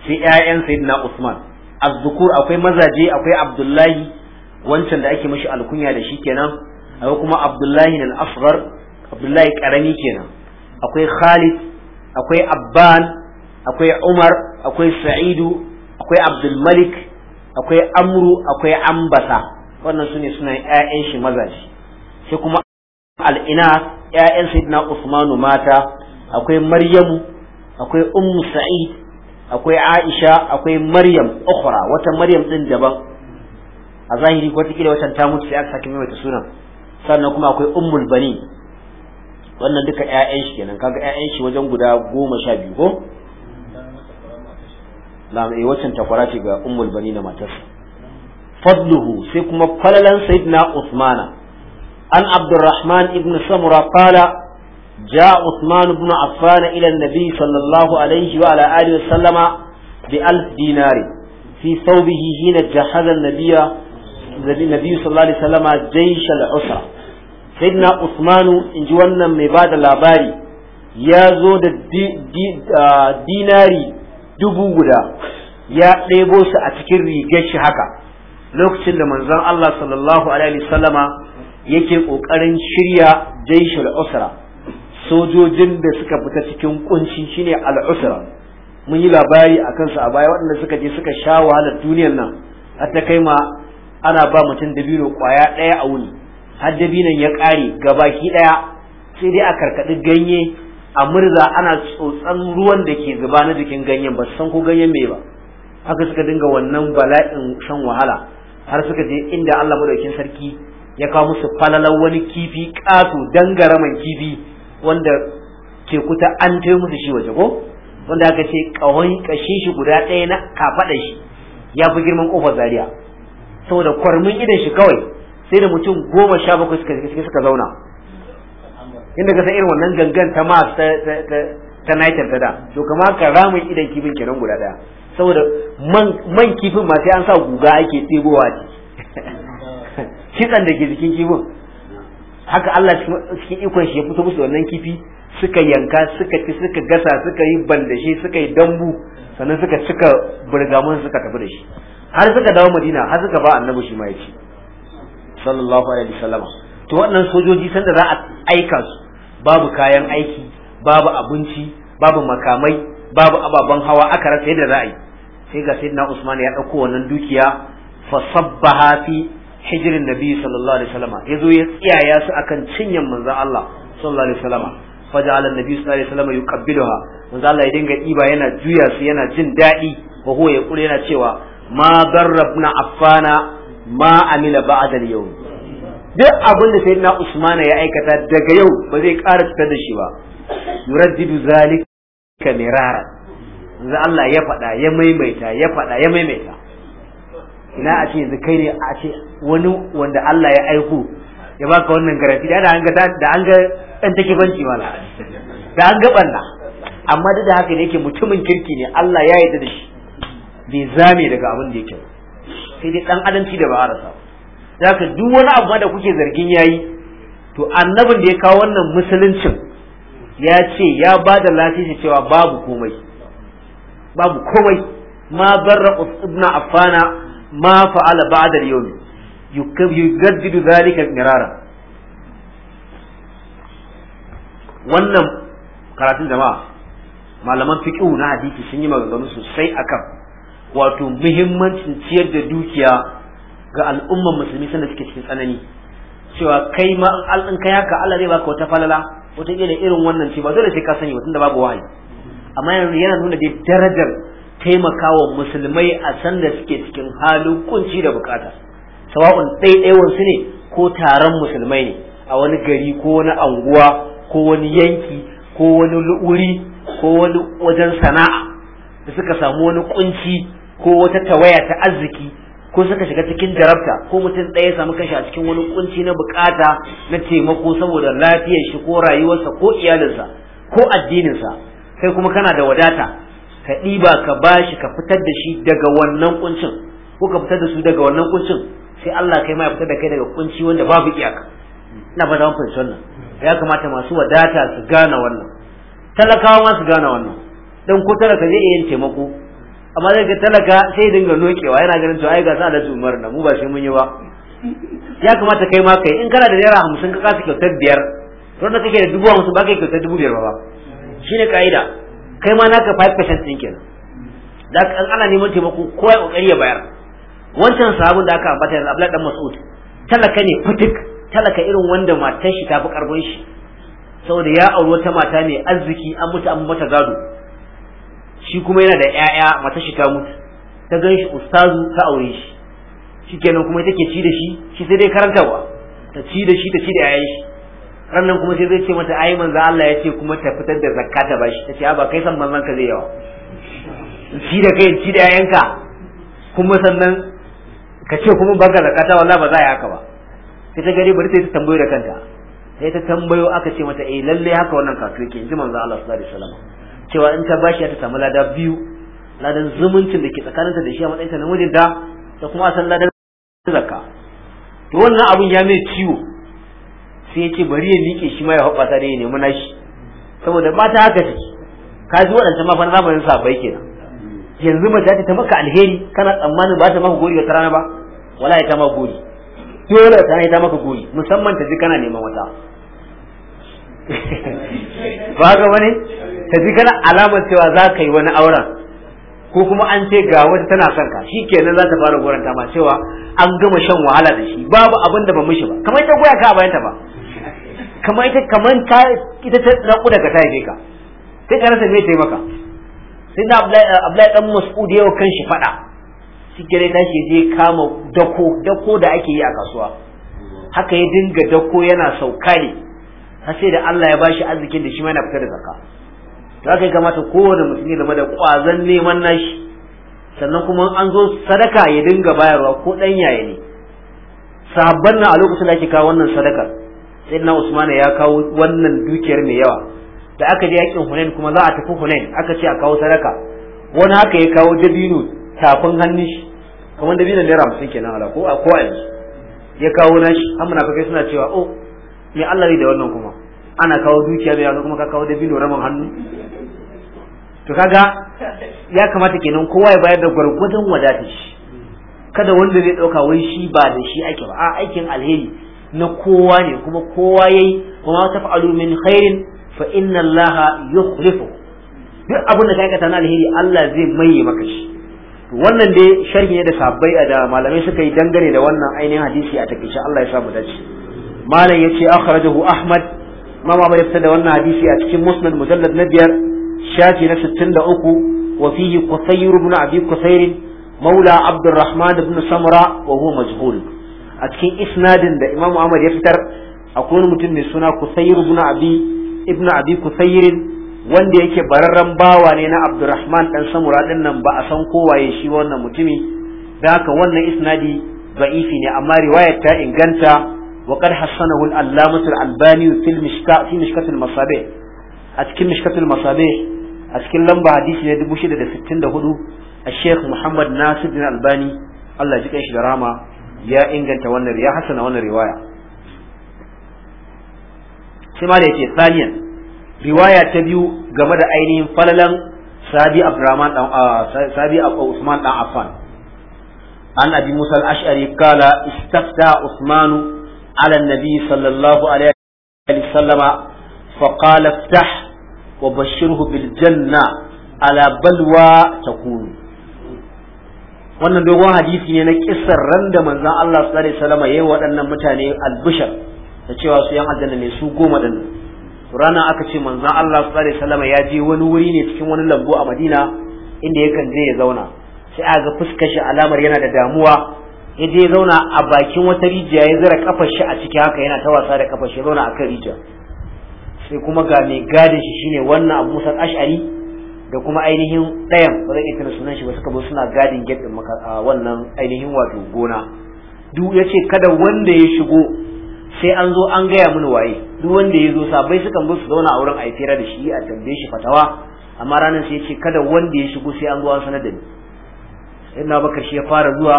sai ƴaƴan sayyidina Usman azzukur akwai mazaje akwai Abdullahi wancan da ake mashi alkunya da shi kenan akwai kuma Abdullahi al-Asghar Abdullahi karami kenan akwai Khalid akwai Abban akwai Umar akwai Sa'idu akwai Abdul Malik akwai Amru akwai Ambasa wannan su ne suna ‘ya’yan shi mazaje sai kuma al'ina ƴaƴan sayyidina usmanu mata akwai maryamu akwai ummu sa'id akwai aisha akwai maryam ukhra wata maryam din daban a zahiri wata kila watan ta mutu sai aka sake mai sunan sannan kuma akwai ummul bani wannan duka ‘ya’yan shi kenan kaga ‘ya’yan shi wajen guda goma sha biyu ko na eh waccan takwara ce ga ummul bani na matarsa fadluhu sai kuma falalan sayyidina usmana an abdurrahman ibn samura qala جاء عثمان بن عفان إلى النبي صلى الله عليه وعلى آله وسلم بألف دينار في ثوبه حين جهز النبي النبي صلى الله عليه وسلم جيش العسرة سيدنا عثمان إن جوانا مباد الأباري يا زود دي دي ديناري دبو guda ya ɗebo su a cikin rigar shi haka lokacin da manzon Allah sallallahu alaihi wasallama yake kokarin shirya jaishul usra sojojin da suka fita cikin kunci shine al-usra mun yi labari a kansu a baya waɗanda suka je suka sha wahalar duniyar nan har ta kai ma ana ba mutum dabino kwaya ɗaya a wuni har dabinon ya ƙare gabaki ɗaya sai dai a karkaɗi ganye a murza ana tsotsan ruwan da ke zuba na jikin ganyen ba san ko ganyen me ba haka suka dinga wannan bala'in shan wahala har suka je inda Allah madaukin sarki ya kawo musu falalar wani kifi ƙato dangaraman kifi wanda ke kuta an tayo musu shi waje ko wanda aka ce kawai ƙashin shi guda ɗaya na kafaɗa shi ya fi girman ƙofar zaria saboda kwarmin idan shi kawai sai da mutum goma sha bakwai suka zauna inda ka san irin wannan gangan ta mas ta ta ta ta da to kamar ka ramin idan kifin kenan guda ɗaya saboda man kifin ma sai an sa guga ake ɗebowa a kitsan da ke jikin kifin haka Allah cikin ikon shi ya fito musu wannan kifi suka yanka suka ci suka gasa suka yi bandashe suka yi dambu sannan suka cika burgamun suka tafi da shi har suka dawo madina har suka ba annabi shi ma ya ci sallallahu alaihi wasallam to wannan sojoji sanda za a aika su babu kayan aiki babu abinci babu makamai babu ababen hawa aka rasa yadda za a yi sai ga sayyidina Usman ya dauko wannan dukiya fa sabbaha fi hijrin nabi sallallahu alaihi wasallam yazo ya tsiyaya su akan cinyan manzon Allah sallallahu alaihi wasallam fa ja'ala nabi sallallahu alaihi wasallam yuqabbiluha manzon Allah ya dinga iba yana juya su yana jin dadi wa huwa ya kure yana cewa ma darrabna affana ma amila ba'da al-yawm duk abin da sayyidina Usman ya aikata daga yau ba zai ƙara fitar da shi ba yuraddidu zalika mirara yanzu Allah ya faɗa ya maimaita ya faɗa ya maimaita ina a ce yanzu kai ne a ce wani wanda Allah ya aiko ya baka wannan garanti da an ga da an ga dan take banci mala da an ga banna amma duk da haka ne yake mutumin kirki ne Allah ya yarda da shi bai zame daga abin da yake sai dai dan adamci da ba a rasa zaka duk wani abu da kuke zargin yayi to annabin da ya kawo wannan musuluncin ya ce ya ba da lafiya cewa babu komai babu komai ma barra ibn affana ma fa'ala ba'da al-yawm yugaddidu dhalika mirara wannan karatun jama'a malaman fiqh na hadisi sun yi maganganu sosai akan wato muhimmancin ciyar da dukiya ga al'umman musulmi sanda suke cikin tsanani cewa kai ma in kai haka Allah zai baka wata falala wata irin wannan ce ba dole sai ka sani ba tunda babu wahayi amma yana nuna dai darajar taimakawa musulmai a sanda suke cikin halin kunci da bukata sawa'un ɗaiɗaiwan su ne ko taron musulmai ne a wani gari ko wani anguwa ko wani yanki ko wani wuri ko wani wajen sana'a da suka samu wani kunci ko wata tawaya ta arziki ko suka shiga cikin jarabta ko mutum ɗaya ya samu kashi a cikin wani kunci na bukata na taimako saboda lafiyar shi ko rayuwarsa ko iyalinsa ko addininsa kai kuma kana da wadata ka ɗiba ka bashi ka fitar da shi daga wannan kuncin ko ka fitar da su daga wannan kuncin sai Allah kai ma ya fitar da kai daga kunci wanda babu iyaka ina ba da fahimci wannan ya kamata masu wadata su gane wannan talakawa ma su gane wannan dan ko talaka zai iya yin taimako amma zai ga talaka sai dinga nokewa yana ganin to ai ga sa da zumar da mu ba sai mun yi ba ya kamata kai ma kai in kana da naira hamsin ka kasa kyautar biyar to da kake da dubu hamsin ba kai kyautar dubu biyar ba shine ka'ida kai ma naka 5% din kenan da an ana neman taimako ko ya kokari ya bayar wancan sabon da aka ambata yanzu Abdullahi dan Mas'ud talaka ne fitik talaka irin wanda matar shi ta karbon shi saboda ya auri wata mata ne, arziki an mutu an mata gado shi kuma yana da 'ya'ya matar shi ta mutu ta gan shi ustazu ta aure shi shikenan kuma take ci da shi shi sai dai karantarwa ta ci da shi ta ci da 'ya'yan shi rannan kuma sai zai ce mata ai manzo Allah ya ce kuma ta fitar da zakka ta bashi ta ce ba kai san manzon ka zai yawa ci da kai ci da yayanka kuma sannan ka ce kuma baka zakka wallahi ba za yi haka ba sai ta gari bari sai ta tambayo da kanta sai ta tambayo aka ce mata eh lalle haka wannan kafin yake inji manzo Allah sallallahu alaihi wasallam cewa in ta bashi ta samu lada biyu ladan zumuncin da ke tsakaninta da shi a matsayinta na mijinta da kuma asan ladan zakka to wannan abun ya mai ciwo sai ya ce bari ya miƙe shi ma ya hoɓasa da ya nemi nashi saboda mata haka take ka ji waɗancan ma fana zamanin sabai kenan yanzu mace ta maka alheri kana tsammanin ba ta maka gori wata rana ba wala ya ta maka gori dole ta ta maka gori musamman ta ji kana neman wata ba ga wani ta ji kana alamar cewa za ka yi wani auren ko kuma an ce ga wata tana son ka shi kenan za ta fara goranta ma cewa an gama shan wahala da shi babu abin da ba mishi ba kamar ita goya ka bayanta ba kamar ita kamar ta ita ta naku daga ta ka sai ka rasa me ta yi maka sai na Abdullahi eh, dan Mas'ud yau kan shi fada gare na shi je kama dako dako da ake yi a kasuwa haka ya dinga dako yana sauka ne har sai da Allah ya bashi arzikin da shi ma yana fitar da zakka to haka ya kamata kowane mutum ya zama da kwazon neman nashi sannan kuma an zo sadaka ya dinga bayarwa ko dan yaye ne sahabban na a lokacin da ake kawo wannan sadakar sayyidina usman ya kawo wannan dukiyar mai yawa da aka je yakin hunain kuma za a tafi hunain aka ce a kawo sadaka wani haka ya kawo dabino tafin hannun shi kamar dabino naira hamsin kenan ala ko a ko a ya kawo na nashi an kai suna cewa oh me Allah da wannan kuma ana kawo dukiya mai yawa kuma ka kawo dabino raman hannu to kaga ya kamata kenan kowa ya bayar da gwargwadon wadatar shi kada wanda zai dauka wai shi ba da shi ake ba a aikin alheri na kowa ne kuma kowa yayi kuma ta fa'alu min khairin fa inna allaha yukhlifu duk abin da ka aikata na alheri Allah zai maye maka shi wannan dai sharhi ne da sabbai da malamai suka yi dangane da wannan ainihin hadisi a takeice Allah ya sa mu dace malam ce akhrajahu ahmad ma ma bai da wannan hadisi a cikin musnad mujallad na biyar shafi na 63 wa fihi qusayr ibn abi qusayr Maula عبد الرحمن بن سمرة وهو مجهول a cikin isnadin da Imam Ahmad ya fitar akwai wani mutum mai suna Kusayr ibn Abi ibn Abi Kusayr wanda yake bararren bawa ne na Abdurrahman dan Samura din nan ba a san waye shi wannan mutumi da haka wannan isnadi da'ifi ne amma riwayar ta inganta wa qad hassanahu al-allamah al-albani fi mishkat al a cikin mishkat al a cikin lamba hadisi ne 664 a Sheikh Muhammad Nasir bin Albani Allah ji kai shi da rama ya inganta wannan ya hasana wannan riwaya sai ma da yake saniyan riwaya ta biyu game da ainihin falalan sabi abdurrahman dan ah, sabi usman dan affan an abi musa al-ash'ari kala istafta usmanu ala nabi sallallahu alaihi wasallama فقال افتح وبشره بالجنة على بلوى تكون wannan dogon hadisi ne na kisar ran da manzan Allah sallallahu alaihi yi yayi waɗannan mutane albishar da cewa su yan aljanna ne su goma din rana aka ce manzan Allah su alaihi salama ya je wani wuri ne cikin wani lambu a Madina inda yakan je ya zauna sai a ga fuskar shi alamar yana da damuwa ya je ya zauna a bakin wata rijiya ya zira kafar shi a ciki haka yana ta wasa da kafar shi zauna a kan rijiya sai kuma ga mai gadin shi shine wannan Abu Musa Ash'ari da kuma ainihin ɗayan ba zan iya sunan shi ba suka zo suna gadin gate din wannan ainihin wato gona duk ya ce kada wanda ya shigo sai an zo an gaya mini waye duk wanda ya zo sabai sukan zo su zauna a wurin a fira da shi a tambaye shi fatawa amma ranar sai yace kada wanda ya shigo sai an zo an sanar da ni sayyidina bakar shi ya fara zuwa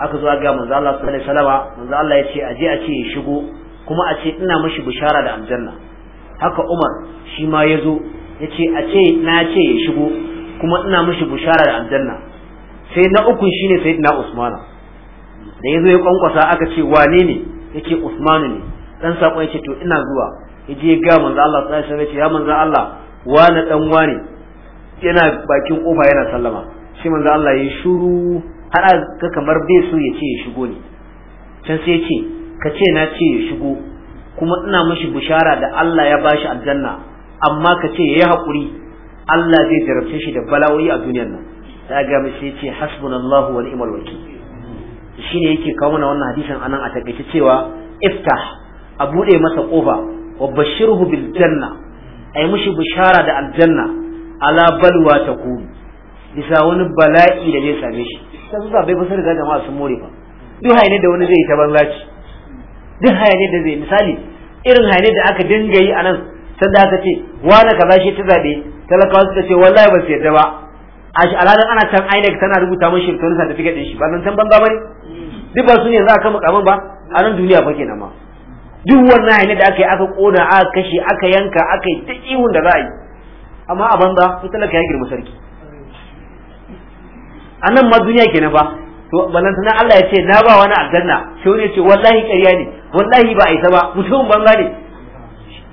aka zo ga manzo Allah sallallahu alaihi wasallam manzo Allah ya ce a je a ce ya shigo kuma a ce ina mashi bishara da aljanna haka Umar shi ma ya zo ya ce a ce na ce ya shigo kuma ina mishi bushara da aljanna sai na uku shine na usmana da yazo ya kwankwasa aka ce wane ne yake usmanu ne dan sako ce to ina zuwa ya je ga manzo Allah sai alaihi wasallam ce ya manzo Allah wane dan wane yana bakin kofa yana sallama shi manzo Allah ya shuru har ka kamar bai so ya ce ya shigo ne can sai ya ce ka ce na ce ya shigo kuma ina mishi bushara da Allah ya bashi aljanna amma ka ce ya yi haƙuri. Allah zai jarabce shi da bala'o'i a duniyar nan ta ga mai sai ce hasbunallahu wa ni'mal shi ne yake kawo mana wannan hadisin anan a takaice cewa iftah a bude masa kofa wa bashirhu bil janna ay mushi bishara da aljanna ala balwa ku bisa wani bala'i da zai same shi sai zuwa bai fasar da jama'a sun more ba duk hayne da wani zai yi ta banzaci duk hayne da zai misali irin hayne da aka dinga yi anan sanda aka ce wane kaza shi ta zaɓe talakawa suka ce wallahi ba su yarda ba a shi alhalin ana can INEC tana rubuta mun shi wani certificate din shi ba zan can banza bane duk ba su ne za a kama kaman ba a nan duniya ba kenan ma duk wannan hanyar da aka yi aka ƙona aka kashe aka yanka aka yi ta ihun da za a yi amma a banza su talaka ya girma sarki a nan ma duniya kenan ba to balantana Allah ya ce na ba wani aljanna sai wani ya ce wallahi ƙarya ne wallahi ba a isa ba mutumin banza ne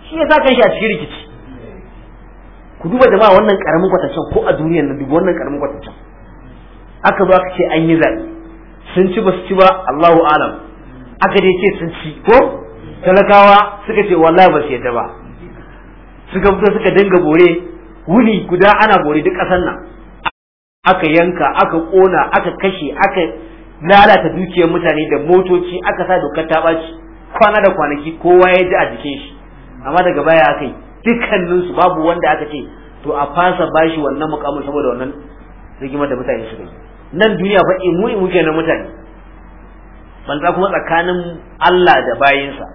shi ya sa kanshi a cikin rikici ku duba jama'a wannan karamin kwatancen ko a duniyar nan duba wannan karamin kwatancen aka zo aka ce an yi zaɓe sun ci ba su ci ba Allahu alam aka dai ce sun ci ko talakawa suka ce wallahi ba su yadda ba suka fito suka dinga bore wuni guda ana bore duk ƙasar nan aka yanka aka ƙona aka kashe aka lalata dukiyar mutane da motoci aka sa dokar ta ɓaci kwana da kwanaki kowa ya ji a jikin shi amma daga baya aka yi dukkanin su babu wanda aka ce to a fasa bashi wannan mukamin saboda wannan rigimar da mutane suka yi nan duniya fa in mu kenan na mutane banza kuma tsakanin Allah da bayinsa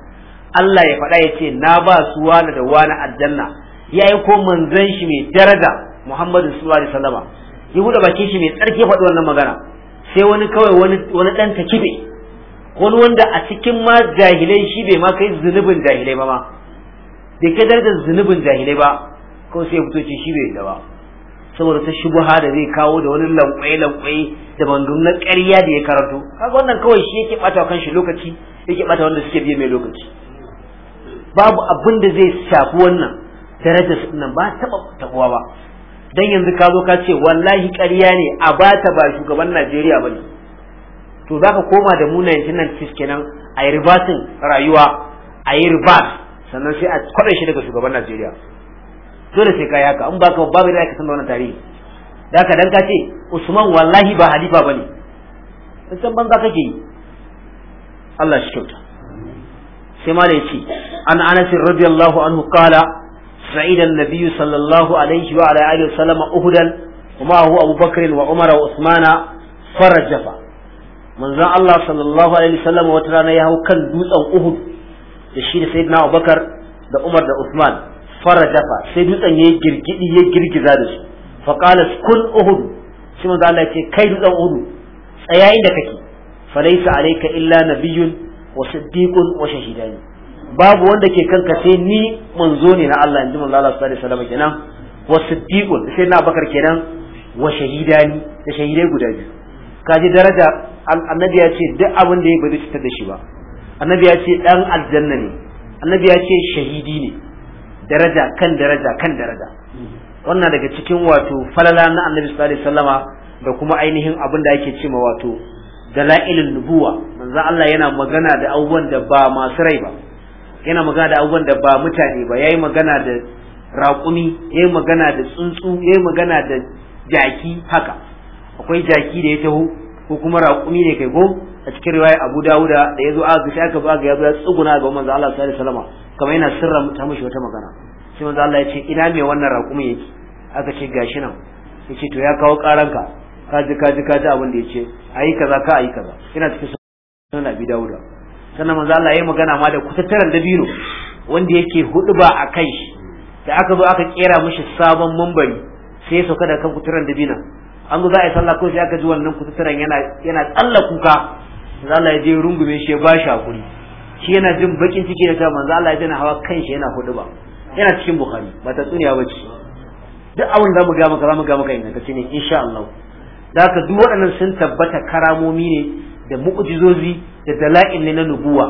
Allah ya faɗa ya ce na ba su wani da wani aljanna ya yi ko manzon shi mai daraja Muhammadu sallallahu alaihi wasallama ya buɗe baki shi mai tsarki ya faɗi wannan magana sai wani kawai wani wani dan takibe wani wanda a cikin ma jahilai shi bai ma kai zunubin jahilai ba ma bai kai darajar zunubin jahilai ba ko sai fito ce shi bai da ba saboda ta shubuha da zai kawo da wani lankwai-lankwai da bangun na ƙarya da ya karanto kaga wannan kawai shi yake bata kan shi lokaci yake bata wanda suke biye mai lokaci babu abin da zai shafi wannan darajar su nan ba taba tabuwa ba dan yanzu ka zo ka ce wallahi ƙarya ne a bata ba shugaban Najeriya bane to zaka koma da mu 1996 kenan a yi rayuwa a yi sannan sai a kwaɗa shi daga shugaban Najeriya dole sai kai haka in baka babu da ka san wani tarihi da haka dan ka ce Usman wallahi ba halifa ne. in san banza kake yi Allah shi kyauta sai ma da yace an Anas radiyallahu anhu qala سعيد النبي صلى الله عليه وعلى آله وسلم أهدا ومعه أبو بكر وعمر وعثمان فرجفا من ذا الله صلى الله عليه وسلم وترانا يهو كان دوس أو أهد da shi da sayyidina Abubakar da Umar da Usman farajafa sai dutsen yayi girgidi ya girgiza da su fa qala kun uhud shi manzo Allah ce kai dutsen uhud tsaya inda kake falaysa alayka illa nabiyyun wa siddiqun wa shahidani babu wanda ke kanka sai ni manzo ne na Allah inji manzo Allah sallallahu alaihi wasallam kenan wa siddiqun sai na Abubakar kenan wa shahidani da shahidai guda biyu kaji daraja annabi ya ce duk abin da ya bari cutar da shi ba annabi ya ce dan aljanna ne annabi ya ce shahidi ne daraja kan daraja kan daraja wannan daga cikin wato falala na annabi sallallahu alaihi wasallama da kuma ainihin abin da ake cewa wato dala'ilin nubuwa manzo Allah yana magana da abubuwan da ba masu rai ba yana magana da abubuwan da ba mutane ba yayi magana da raƙumi yayi magana da tsuntsu yayi magana da jaki haka akwai jaki da ya taho ko kuma raƙumi ne kai ko a cikin riwaya Abu Dawuda da yazo aka gashi aka baga yazo ya tsuguna ga manzo Allah sallallahu alaihi wasallam kamar yana sirra ta mishi wata magana sai manzo Allah ya ce ina me wannan raƙumi yake aka ce gashi nan yace to ya kawo karanka ji ka ji abin da yace ayi kaza ka ayi kaza ina cikin sunan Abi Dawuda sannan manzo Allah ya yi magana ma da kutattaran dabino wanda yake huduba a kai shi da aka zo aka kera mishi sabon mambari sai ya sauka da kan kutattaran dabina an zo za a yi sallah ko sai aka ji wannan kutattaran yana yana tsalla kuka manzo Allah ya je rungume shi ya ba shi hakuri shi yana jin bakin ciki da cewa manzo Allah ya dana hawa kan shi yana huduba yana cikin bukhari ba ta tsuniya ba ce duk abin da mu ga maka za mu ga maka ingantacce ne insha Allah zaka duk waɗannan sun tabbata karamomi ne da mu'jizozi da dala'in ne na nubuwa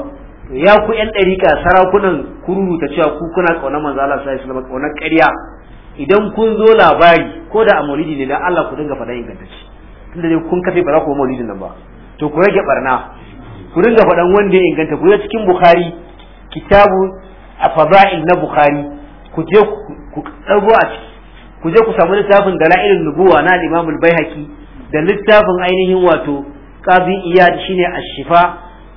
to ya ku yan dariƙa sarakunan kururu ta cewa ku kuna ƙaunar manzo Allah sallallahu alaihi wasallam kaunar ƙarya idan kun zo labari ko da a maulidi ne da Allah ku dinga faɗa ingantacce tunda dai kun kafe ba za ku maulidin nan ba to ku rage barna ku dinga faɗan wanda ya inganta ku je cikin bukhari kitabu a fada'il na bukhari ku je ku ɗago a ciki ku je ku samu littafin dala'ilin nubuwa na al-imam al da littafin ainihin wato kafin iyad shine ash-shifa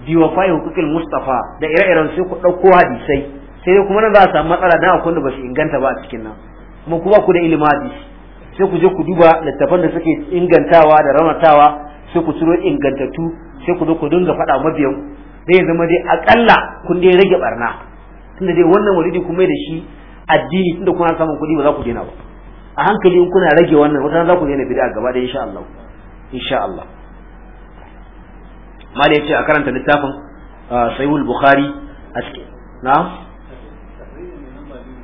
bi wafa'i huquqil mustafa da ire-iren sai ku ɗauko hadisai sai kuma na za a samu matsala dan akwai da ba su inganta ba a cikin nan kuma ku ku da ilimadi sai ku je ku duba littafan da suke ingantawa da ramatawa. sai ku ciro ingantattu sai ku zo ku dinga faɗa mabiyan zai zama dai akalla kun dai rage barna tunda dai wannan walidi kuma da shi addini tunda kuna samun kuɗi ba za ku daina ba a hankali in kuna rage wannan wata za ku daina bid'a gaba da insha Allah insha Allah mala yace a karanta littafin ah, sahihul bukhari a cikin na'am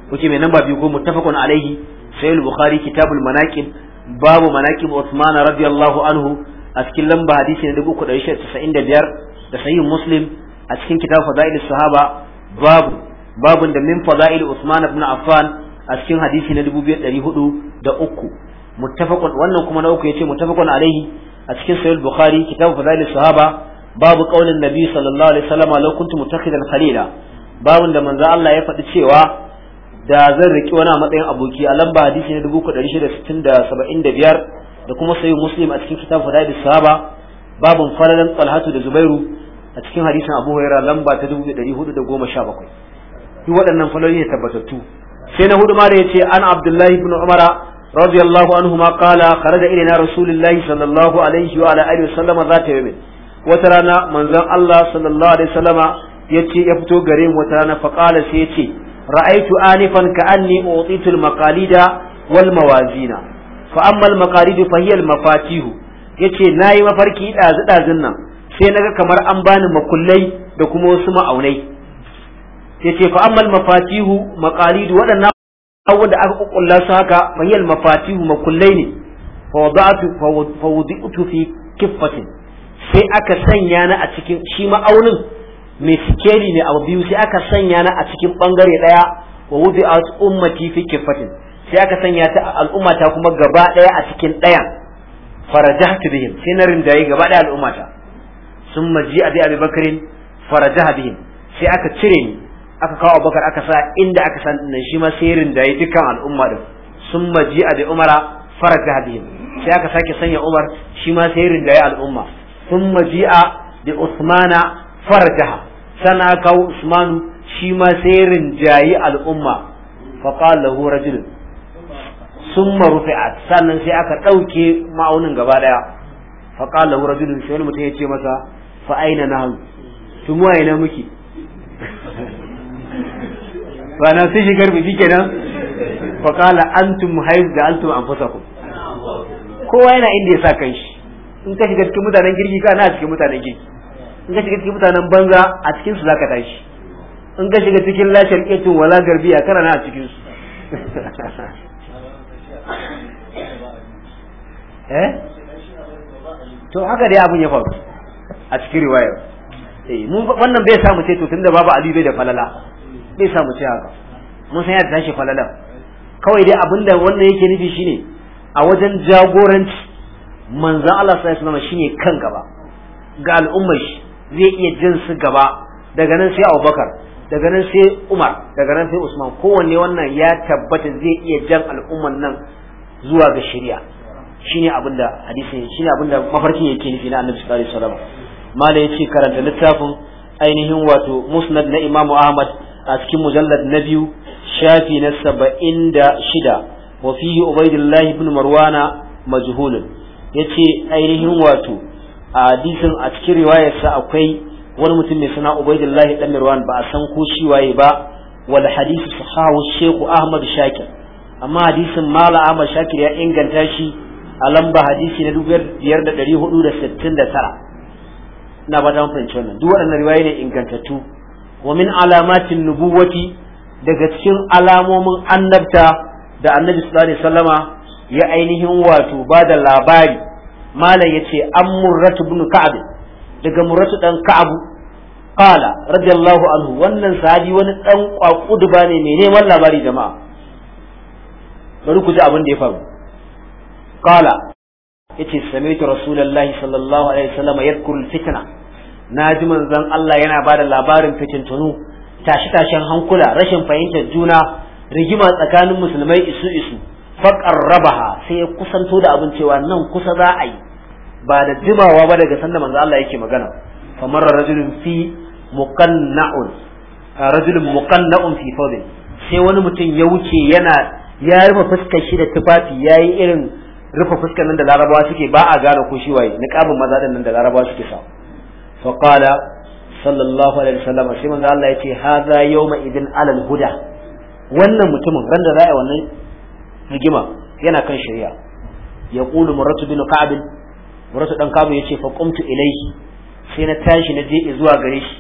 kuke mai namba biyu ko muttafaqun alaihi sahihul bukhari kitabul manaqib babu manaqib usman radiyallahu anhu a cikin lamba hadisi na dubu 3695 da da biyar sahihin muslim a cikin kitab fadail sahaba babu babun da min fadail usman ibn affan a cikin hadisi na dubu biyar da hudu 2403 muttafaqun wannan kuma na uku yace muttafaqun alaihi a cikin sahih bukhari kitab fadail sahaba babu qaulin nabi sallallahu alaihi wasallam law kuntu mutakhidan khalila babun da manzo Allah ya faɗi cewa da zan riki wani a matsayin aboki a lamba hadisi na dubu da da shida sittin 1675 da kuma sayi muslim a cikin kitabu da bi sahaba babun faradan talhatu da zubairu a cikin hadisin abu huraira lamba ta 1417 shi waɗannan faloli ne tabbatattu sai na hudu ma da ce an abdullahi ibn umar radiyallahu anhu ma da kharaja ilayna rasulullahi sallallahu alaihi wa ala alihi wata rana manzon Allah sallallahu alaihi wasallama yace ya fito gare mu wata rana fa qala ya ce, ra'aitu anifan ka anni utitul wal mawazina fa ammal maqaridu fa hiya al mafatihu yace nayi mafarki ɗazu dazun nan sai naga kamar an bani makullai da kuma wasu ma'aunai yace fa ammal mafatihu maqaridu wadannan da aka kukulla su haka fa hiya al mafatihu makullai ne fa wada'tu fa wudi'tu fi sai aka sanya na a cikin shi ma'aunin mai sikeli ne a biyu sai aka sanya na a cikin bangare daya wa wudi'at ummati fi sai aka sanya ta al'ummata kuma gaba ɗaya a cikin daya farajahtu bihim sai na rinjayi gaba daya al'ummata summa ji a abi bakrin farajaha bihim sai aka cire ni aka kawo abubakar aka sa inda aka san nan shi ma sai rinjayi dukkan al'umma din summa ji abi umara farajaha bihim sai aka sake sanya umar shi ma sai rinjayi al'umma Sun summa a bi usmana farajaha sana kawo usmanu shi ma sai rinjayi al'umma faƙa lahu rajulun sun marufi'at sannan sai aka ɗauke ma'aunin gaba ɗaya faƙa lahu rajulun sai wani mutum ya ce masa fa aina na hannu tun wa ina muke ba na sun shigar nan fa qala antum haiz da antum anfusakum kowa yana inda ya sa kanshi in ka shiga cikin mutanen girki ka na cikin mutanen girki in ka shiga cikin mutanen banza a cikin su zaka tashi in ka shiga cikin lashin ƙetin wala garbiya kana na a cikin su eh to haka dai abun ya faru a cikin riwaya eh mu wannan bai samu ce to tunda babu ali bai da falala bai samu ce haka mun san ya shi falala kawai dai abinda wannan yake nufi shine a wajen jagoranci manzo Allah sallallahu alaihi shine kan gaba ga al'ummar shi zai iya jin su gaba daga nan sai Abubakar daga nan sai Umar daga nan sai Usman kowanne wannan ya tabbata zai iya jan al'umman nan zuwa ga shari'a shine abin da hadisi shine abin da mafarkin yake nufi na annabi sallallahu alaihi wasallam mala yace karanta littafin ainihin wato musnad na imam ahmad a cikin mujallad na biyu shafi na saba'in da shida wa fihi ubaidillah ibn marwana majhulun yace ainihin wato a hadisin a cikin riwayarsa akwai wani mutum mai suna ubaidillah dan marwan ba a san ko shi waye ba wal hadisi sahahu shaykh ahmad shakir amma hadisin mala ahmad shakir ya inganta shi a lamba hadisi na dubu biyar da ɗari hudu da sittin da tara ina ba don fahimci wannan duk waɗannan riwaye ne ingantattu wa min alamatin nubuwati daga cikin alamomin annabta da annabi sallallahu alaihi wasallama ya ainihin wato ba da labari malam yace an murratu ibn ka'ab daga murratu dan ka'ab qala radiyallahu anhu wannan sahabi wani dan kwakuduba ne mai neman labari jama'a bari ku ji abin da ya faru qala yace sami'tu rasulullahi sallallahu na wasallam manzon Allah yana ba da labarin fitintunu tashi tashin hankula rashin fahimtar juna rigima tsakanin musulmai isu isu Faƙar rabaha sai ya kusanto da abin cewa nan kusa za a yi ba da jimawa ba daga sanda manzo Allah yake magana famar rajulun fi muqanna'un rajulun fi fadl sai wani mutum ya wuce yana ya rufe fuskar shi da tufafi yayi irin rufe fuskar nan da larabawa suke ba a gane ko shi waye niqabin maza din nan da larabawa suke sa fa qala sallallahu alaihi wasallam sai manzo Allah yace hadha yawma idin alal huda wannan mutumin ran da za a wannan rigima yana kan shari'a Ya yaqulu muratu bin ka'ab muratu dan ka'ab yace fa qumtu ilayhi sai na tashi na je zuwa gare shi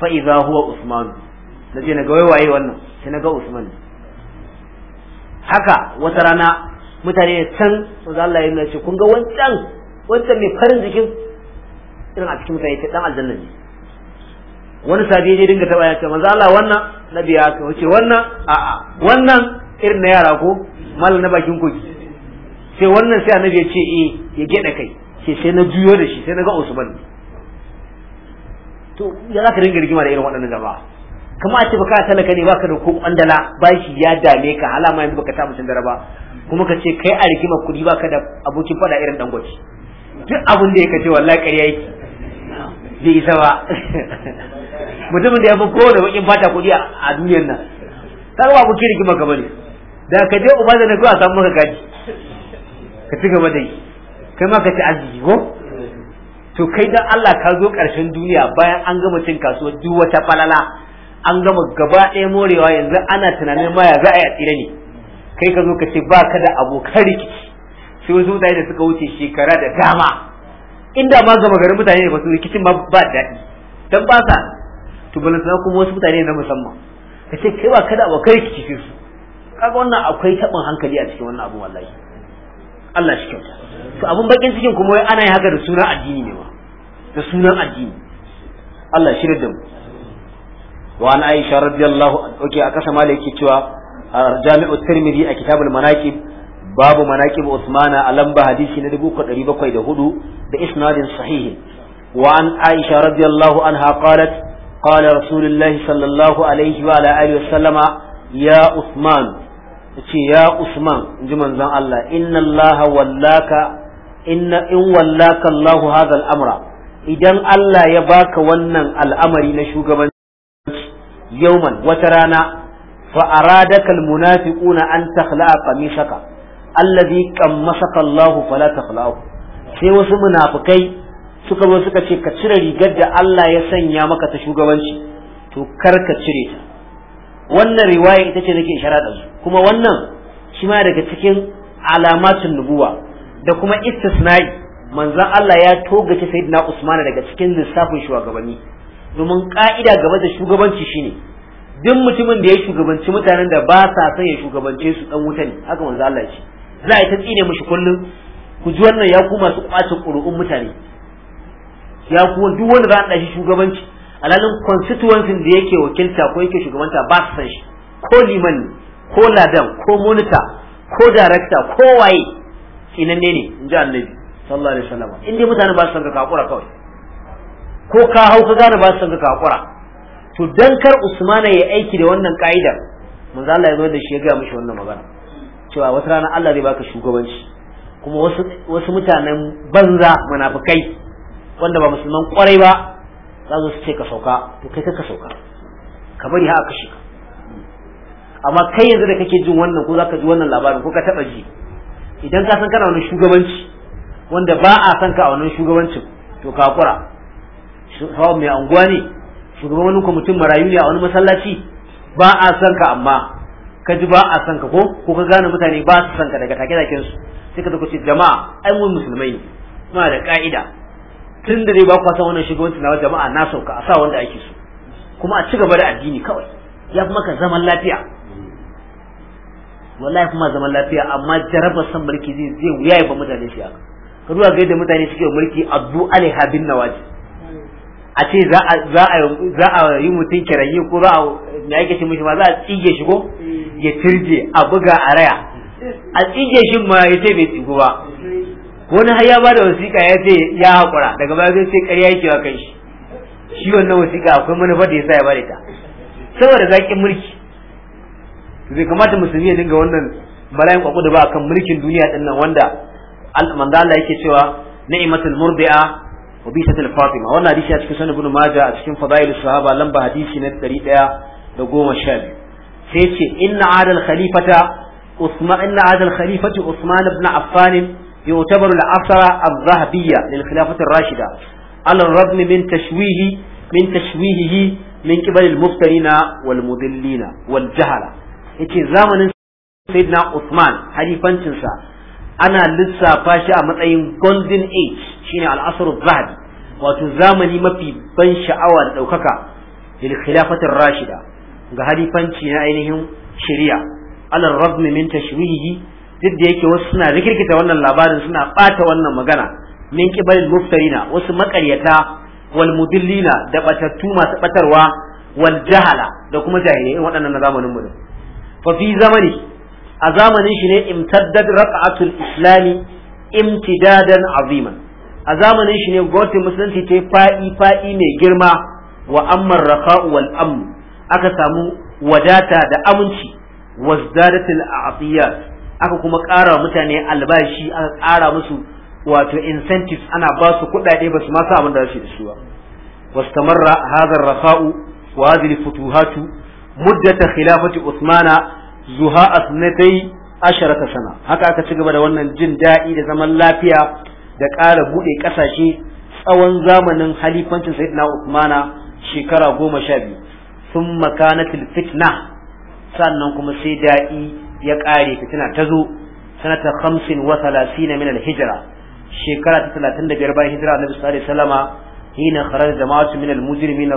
fa idza huwa usman na je na ga waye wannan sai na ga usman haka wata rana mutane can manzo Allah ya nuna ce kun ga wancan wancan mai farin jikin irin a cikin mutane ta dan aljanna ne wani sabi ne dinga taba ya ce manzo Allah wannan nabi ya ka wuce wannan a'a wannan irin na yara ko mallan na bakin koki sai wannan sai annabi ya ce eh ya geda kai ke sai na juyo da shi sai na ga Usman to ya zaka dinga rigima da irin waɗannan jama'a kamar a ce baka talaka ne baka da ko kwandala bashi ya dame ka hala ma yanzu baka ta mutum dare ba kuma ka ce kai a rigimar ba ka da abokin fada irin dangote duk abin da ya kace wallahi ƙarya yake bai isa ba mutumin da ya fi kowane bakin fata kuɗi a duniyar nan ka ba abokin rigimar ka bane da ka je uba da na a samu maka gaji ka ci gaba da yi kai ma ka ci arziki ko to kai dan Allah ka zo ƙarshen duniya bayan an gama cin kasuwa duk wata falala an gama gaba ɗaya morewa yanzu ana tunanin ma ya za a yi a tsire ne kai ka zo ka ce ba ka da abokan rikici sai wasu mutane da suka wuce shekara da dama inda ma gama garin mutane ne masu rikicin ma ba daɗi dan ba sa to balantana kuma wasu mutane na musamman ka ce kai ba ka da abokan rikici sai su kaga wannan akwai taɓin hankali a cikin wannan abu wallahi Allah shi kyauta to abun bakin cikin kuma wai ana yi haka da sunan addini ne ma da sunan addini Allah shirya da mu wa an Aisha radiyallahu anha okay akasa malai yake cewa jami'u tirmidhi a kitabul manaqib babu manaqib usmana a lamba hadisi na 1704 da isnadin sahihi wa an aisha radiyallahu anha qalat qala rasulullahi sallallahu alaihi wa ala alihi wasallama ya usman ce ya usman inji manzon Allah inna Allah wallaka in wallaka Allah hadha al-amra idan Allah ya baka wannan al'amari na shugabanci yauman wata rana wa aradaka almunafiquna an takhla'a qamishaka alladhi qammasaka Allahu fala sai wasu munafukai suka zo suka ce ka cire rigar da Allah ya sanya maka ta shugabanci to kar ka cire ta wannan riwaya ita ce nake ishara da su kuma wannan shi ma daga cikin alamatin nubuwa da kuma istisna'i manzon Allah ya togace sayyidina Usman daga cikin lissafin shugabanni domin ka'ida gaba da shugabanci shine duk mutumin da ya shugabanci mutanen da ba sa son ya shugabance su dan wuta ne haka manzo Allah shi za a ta tsine mishi kullum ku ji wannan ya ku masu kwace ƙuri'un mutane ya ku duk wanda za a ɗashi shugabanci alalin constituency da yake wakilta ko yake shugabanta ba su san shi ko liman ko ladan ko monitor ko director ko waye tsinanne ne in ji annabi sallallahu alaihi wasallam in dai mutane ba su san ka kakura kawai ko ka hau ka gane ba su san ka kakura to dan kar usmana ya aiki da wannan ka'ida manzo Allah ya zo da shi ya ga mishi wannan magana cewa wata rana Allah zai baka shugabanci kuma wasu wasu mutanen banza munafikai wanda ba musulman kwarai ba za su ce ka sauka to kai ka sauka ka bari ha shi, amma kai yanzu da kake jin wannan ko zaka ji wannan labarin ko ka taba ji idan ka san kana wani shugabanci wanda ba a san ka a wannan shugabancin to ka kura sawan mai anguwa ne shugaban wani kwamitin marayu ne a wani masallaci ba a san ka amma ka ji ba a san ka ko ko ka gane mutane ba su san ka daga take take su sai ka zaka ce jama'a ai mu musulmai ne kuma da ka'ida tun da dai ba ku san wannan shugabanci na jama'a na sauka a sa wanda ake so kuma a ci gaba da addini kawai ya fi maka zaman lafiya wallahi kuma zaman lafiya amma jarabar san mulki zai zai wuya ya ba mutane shi haka ka duba ga yadda mutane suke mulki abdu alaiha bin nawaji a ce za a yi mutum kirayi ko za a mai yake shi mishi ma za a tsige shi ko ya turje a buga a raya a tsige shi ma ya ce bai tsigo ba Ko wani har ya da wasiƙa ya ce ya haƙura daga baya zai ce ƙarya yake wa kai shi shi wannan wasiƙa akwai manufar da ya sa ya bada ta saboda zaƙin mulki bai kamata musulmi ya dinga wannan bala'in kwakwada ba akan mulkin duniya ɗin nan wanda manzo Allah yake cewa ni'matul murdi'a wa bi satil fatima wannan hadisi a cikin sunan ibn majah a cikin fadailus sahaba lamba hadisi na 112 sai ce inna adal khalifata usman inna adal khalifati usman ibn affan يعتبر العصر الذهبية للخلافة الراشدة على الرغم من تشويه من تشويهه من قبل المفترين والمضلين والجهلة يتي زمن سيدنا عثمان حليفان تنسى ana lissafa shi a matsayin golden age shine al'asr zahabi wato zamani mafi ban sha'awa da daukaka lil khilafatir rashida ga halifanci na ainihin shari'a alal radmi min tashwihi duk da yake wasu suna rikirkita wannan labarin suna bata wannan magana min kibalil muftarina wasu makaryata wal mudillina da batattu masu batarwa wal jahala da kuma jahilai waɗannan na zamanin mu fa fi zamani a zamanin shi ne imtaddad raka'atul islami imtidadan aziman a zamanin shi ne gwamnatin musulunci ta fa'i fa'i mai girma wa amma raka'u wal aka samu wadata da aminci wazdadatul a'tiyat aka kuma ƙara mutane albashi aka ƙara musu wato incentives ana ba su kuɗaɗe ba su ma sa abin da su su ba واستمر هذا الرخاء وهذه الفتوحات مدة خلافة عثمان zuha asnatai ta sana haka aka ci gaba da wannan jin daɗi da zaman lafiya da ƙara buɗe ƙasashe tsawon zamanin halifancin sayyidina usmana shekara goma sha biyu sun makanatil fitna sannan kuma sai daɗi ya ƙare fitina ta zo sanata hamsin wa talatin min al shekara ta talatin da biyar bayan hijira annabi sallallahu alaihi wasallama hina kharaja jama'atu min al-mujrimin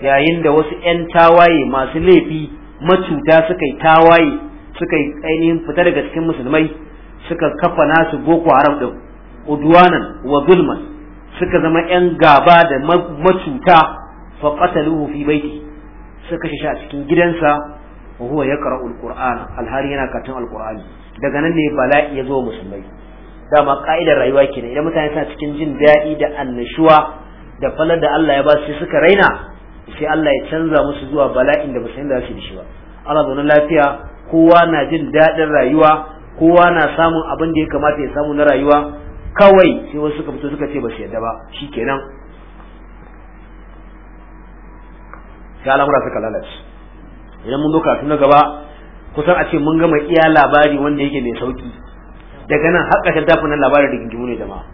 yayin da wasu 'yan tawaye masu laifi macuta suka yi tawaye suka yi ainihin fita daga cikin musulmai suka kafa nasu boko haram din udwanan wa zulman suka zama yan gaba da macuta fa qataluhu fi baiti suka shi a cikin gidansa wa huwa yaqra'ul qur'ana alhari yana karatun alqur'ani daga nan ne bala'i ya zo musulmai dama ka'idar rayuwa kenan idan mutane suna cikin jin daɗi da annashuwa da falar da Allah ya ba su suka raina sai Allah ya canza musu zuwa bala'in da basu san su da shi ba ana zaune lafiya kowa na jin daɗin rayuwa kowa na samun abin da ya kamata ya samu na rayuwa kawai sai wasu suka fito suka ce ba su yadda ba shikenan sai al'amura suka lalace idan mun doka tun gaba kusan a ce mun gama iya labari wanda yake mai sauki daga nan har ƙarshen tafi nan labarin da gingimu ne jama'a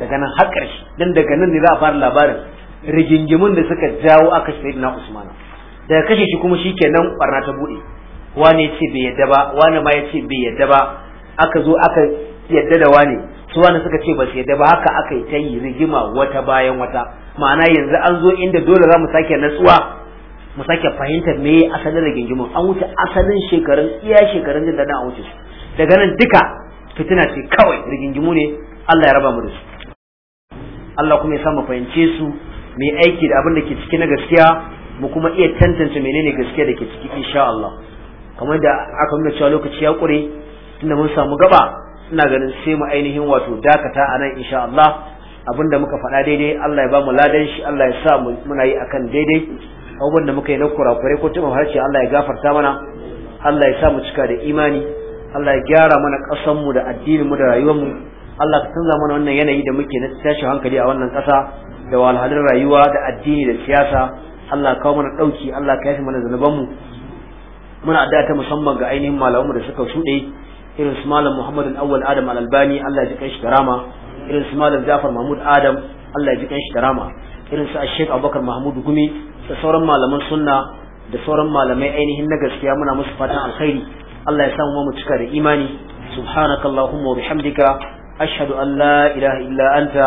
daga nan har ƙarshe dan daga nan ne za a fara labarin rigingimun da suka jawo aka shi na Usman daga kashe shi kuma shi shikenan barna ta buɗe, wane ya ce bai yadda ba wane ma ya ce bai yadda ba aka zo aka yadda da wane su wane suka ce ba su yadda ba haka aka yi ta yi rigima wata bayan wata ma'ana yanzu an zo inda dole za mu sake natsuwa mu sake fahimtar me asalin rigingimun an wuce asalin shekarun iya shekarun da na a wuce su daga nan duka fitina ce kawai rigingimu ne Allah ya raba mu da su Allah kuma ya sa mu fahimce su Mai aiki da abin da ke ciki na gaskiya mu kuma iya tantance menene gaskiya da ke ciki insha Allah kamar da aka nuna cewa lokaci ya kure tunda mun samu gaba ina ganin sai mu ainihin wato dakata a nan insha Allah Abin da muka faɗa daidai Allah ya ba mu ladan shi Allah ya sa muna yi akan daidai abin da muka yi na kurakurai ko tuma harshe Allah ya gafarta mana Allah ya sa mu cika da imani Allah ya gyara mana ƙasanmu da addinin mu da rayuwar mu Allah ka canza mana wannan yanayi da muke na tashin hankali a wannan ƙasa da walhalin rayuwa da addini da siyasa Allah kawo mana ɗauki Allah ka mana zunubanmu. mu muna addu'a ta musamman ga ainihin malamanmu da suka shuɗe irin su malam Muhammad al-Awwal Adam al-Albani Allah ya ji kanshi da rama irin su malam Jafar Mahmud Adam Allah ya ji kanshi da rama irin su Sheikh Abubakar Mahmud Gumi da sauran malaman sunna da sauran malamai ainihin na gaskiya muna musu fatan alkhairi Allah ya samu mu cika da imani subhanakallahumma wa bihamdika ashhadu an la ilaha illa anta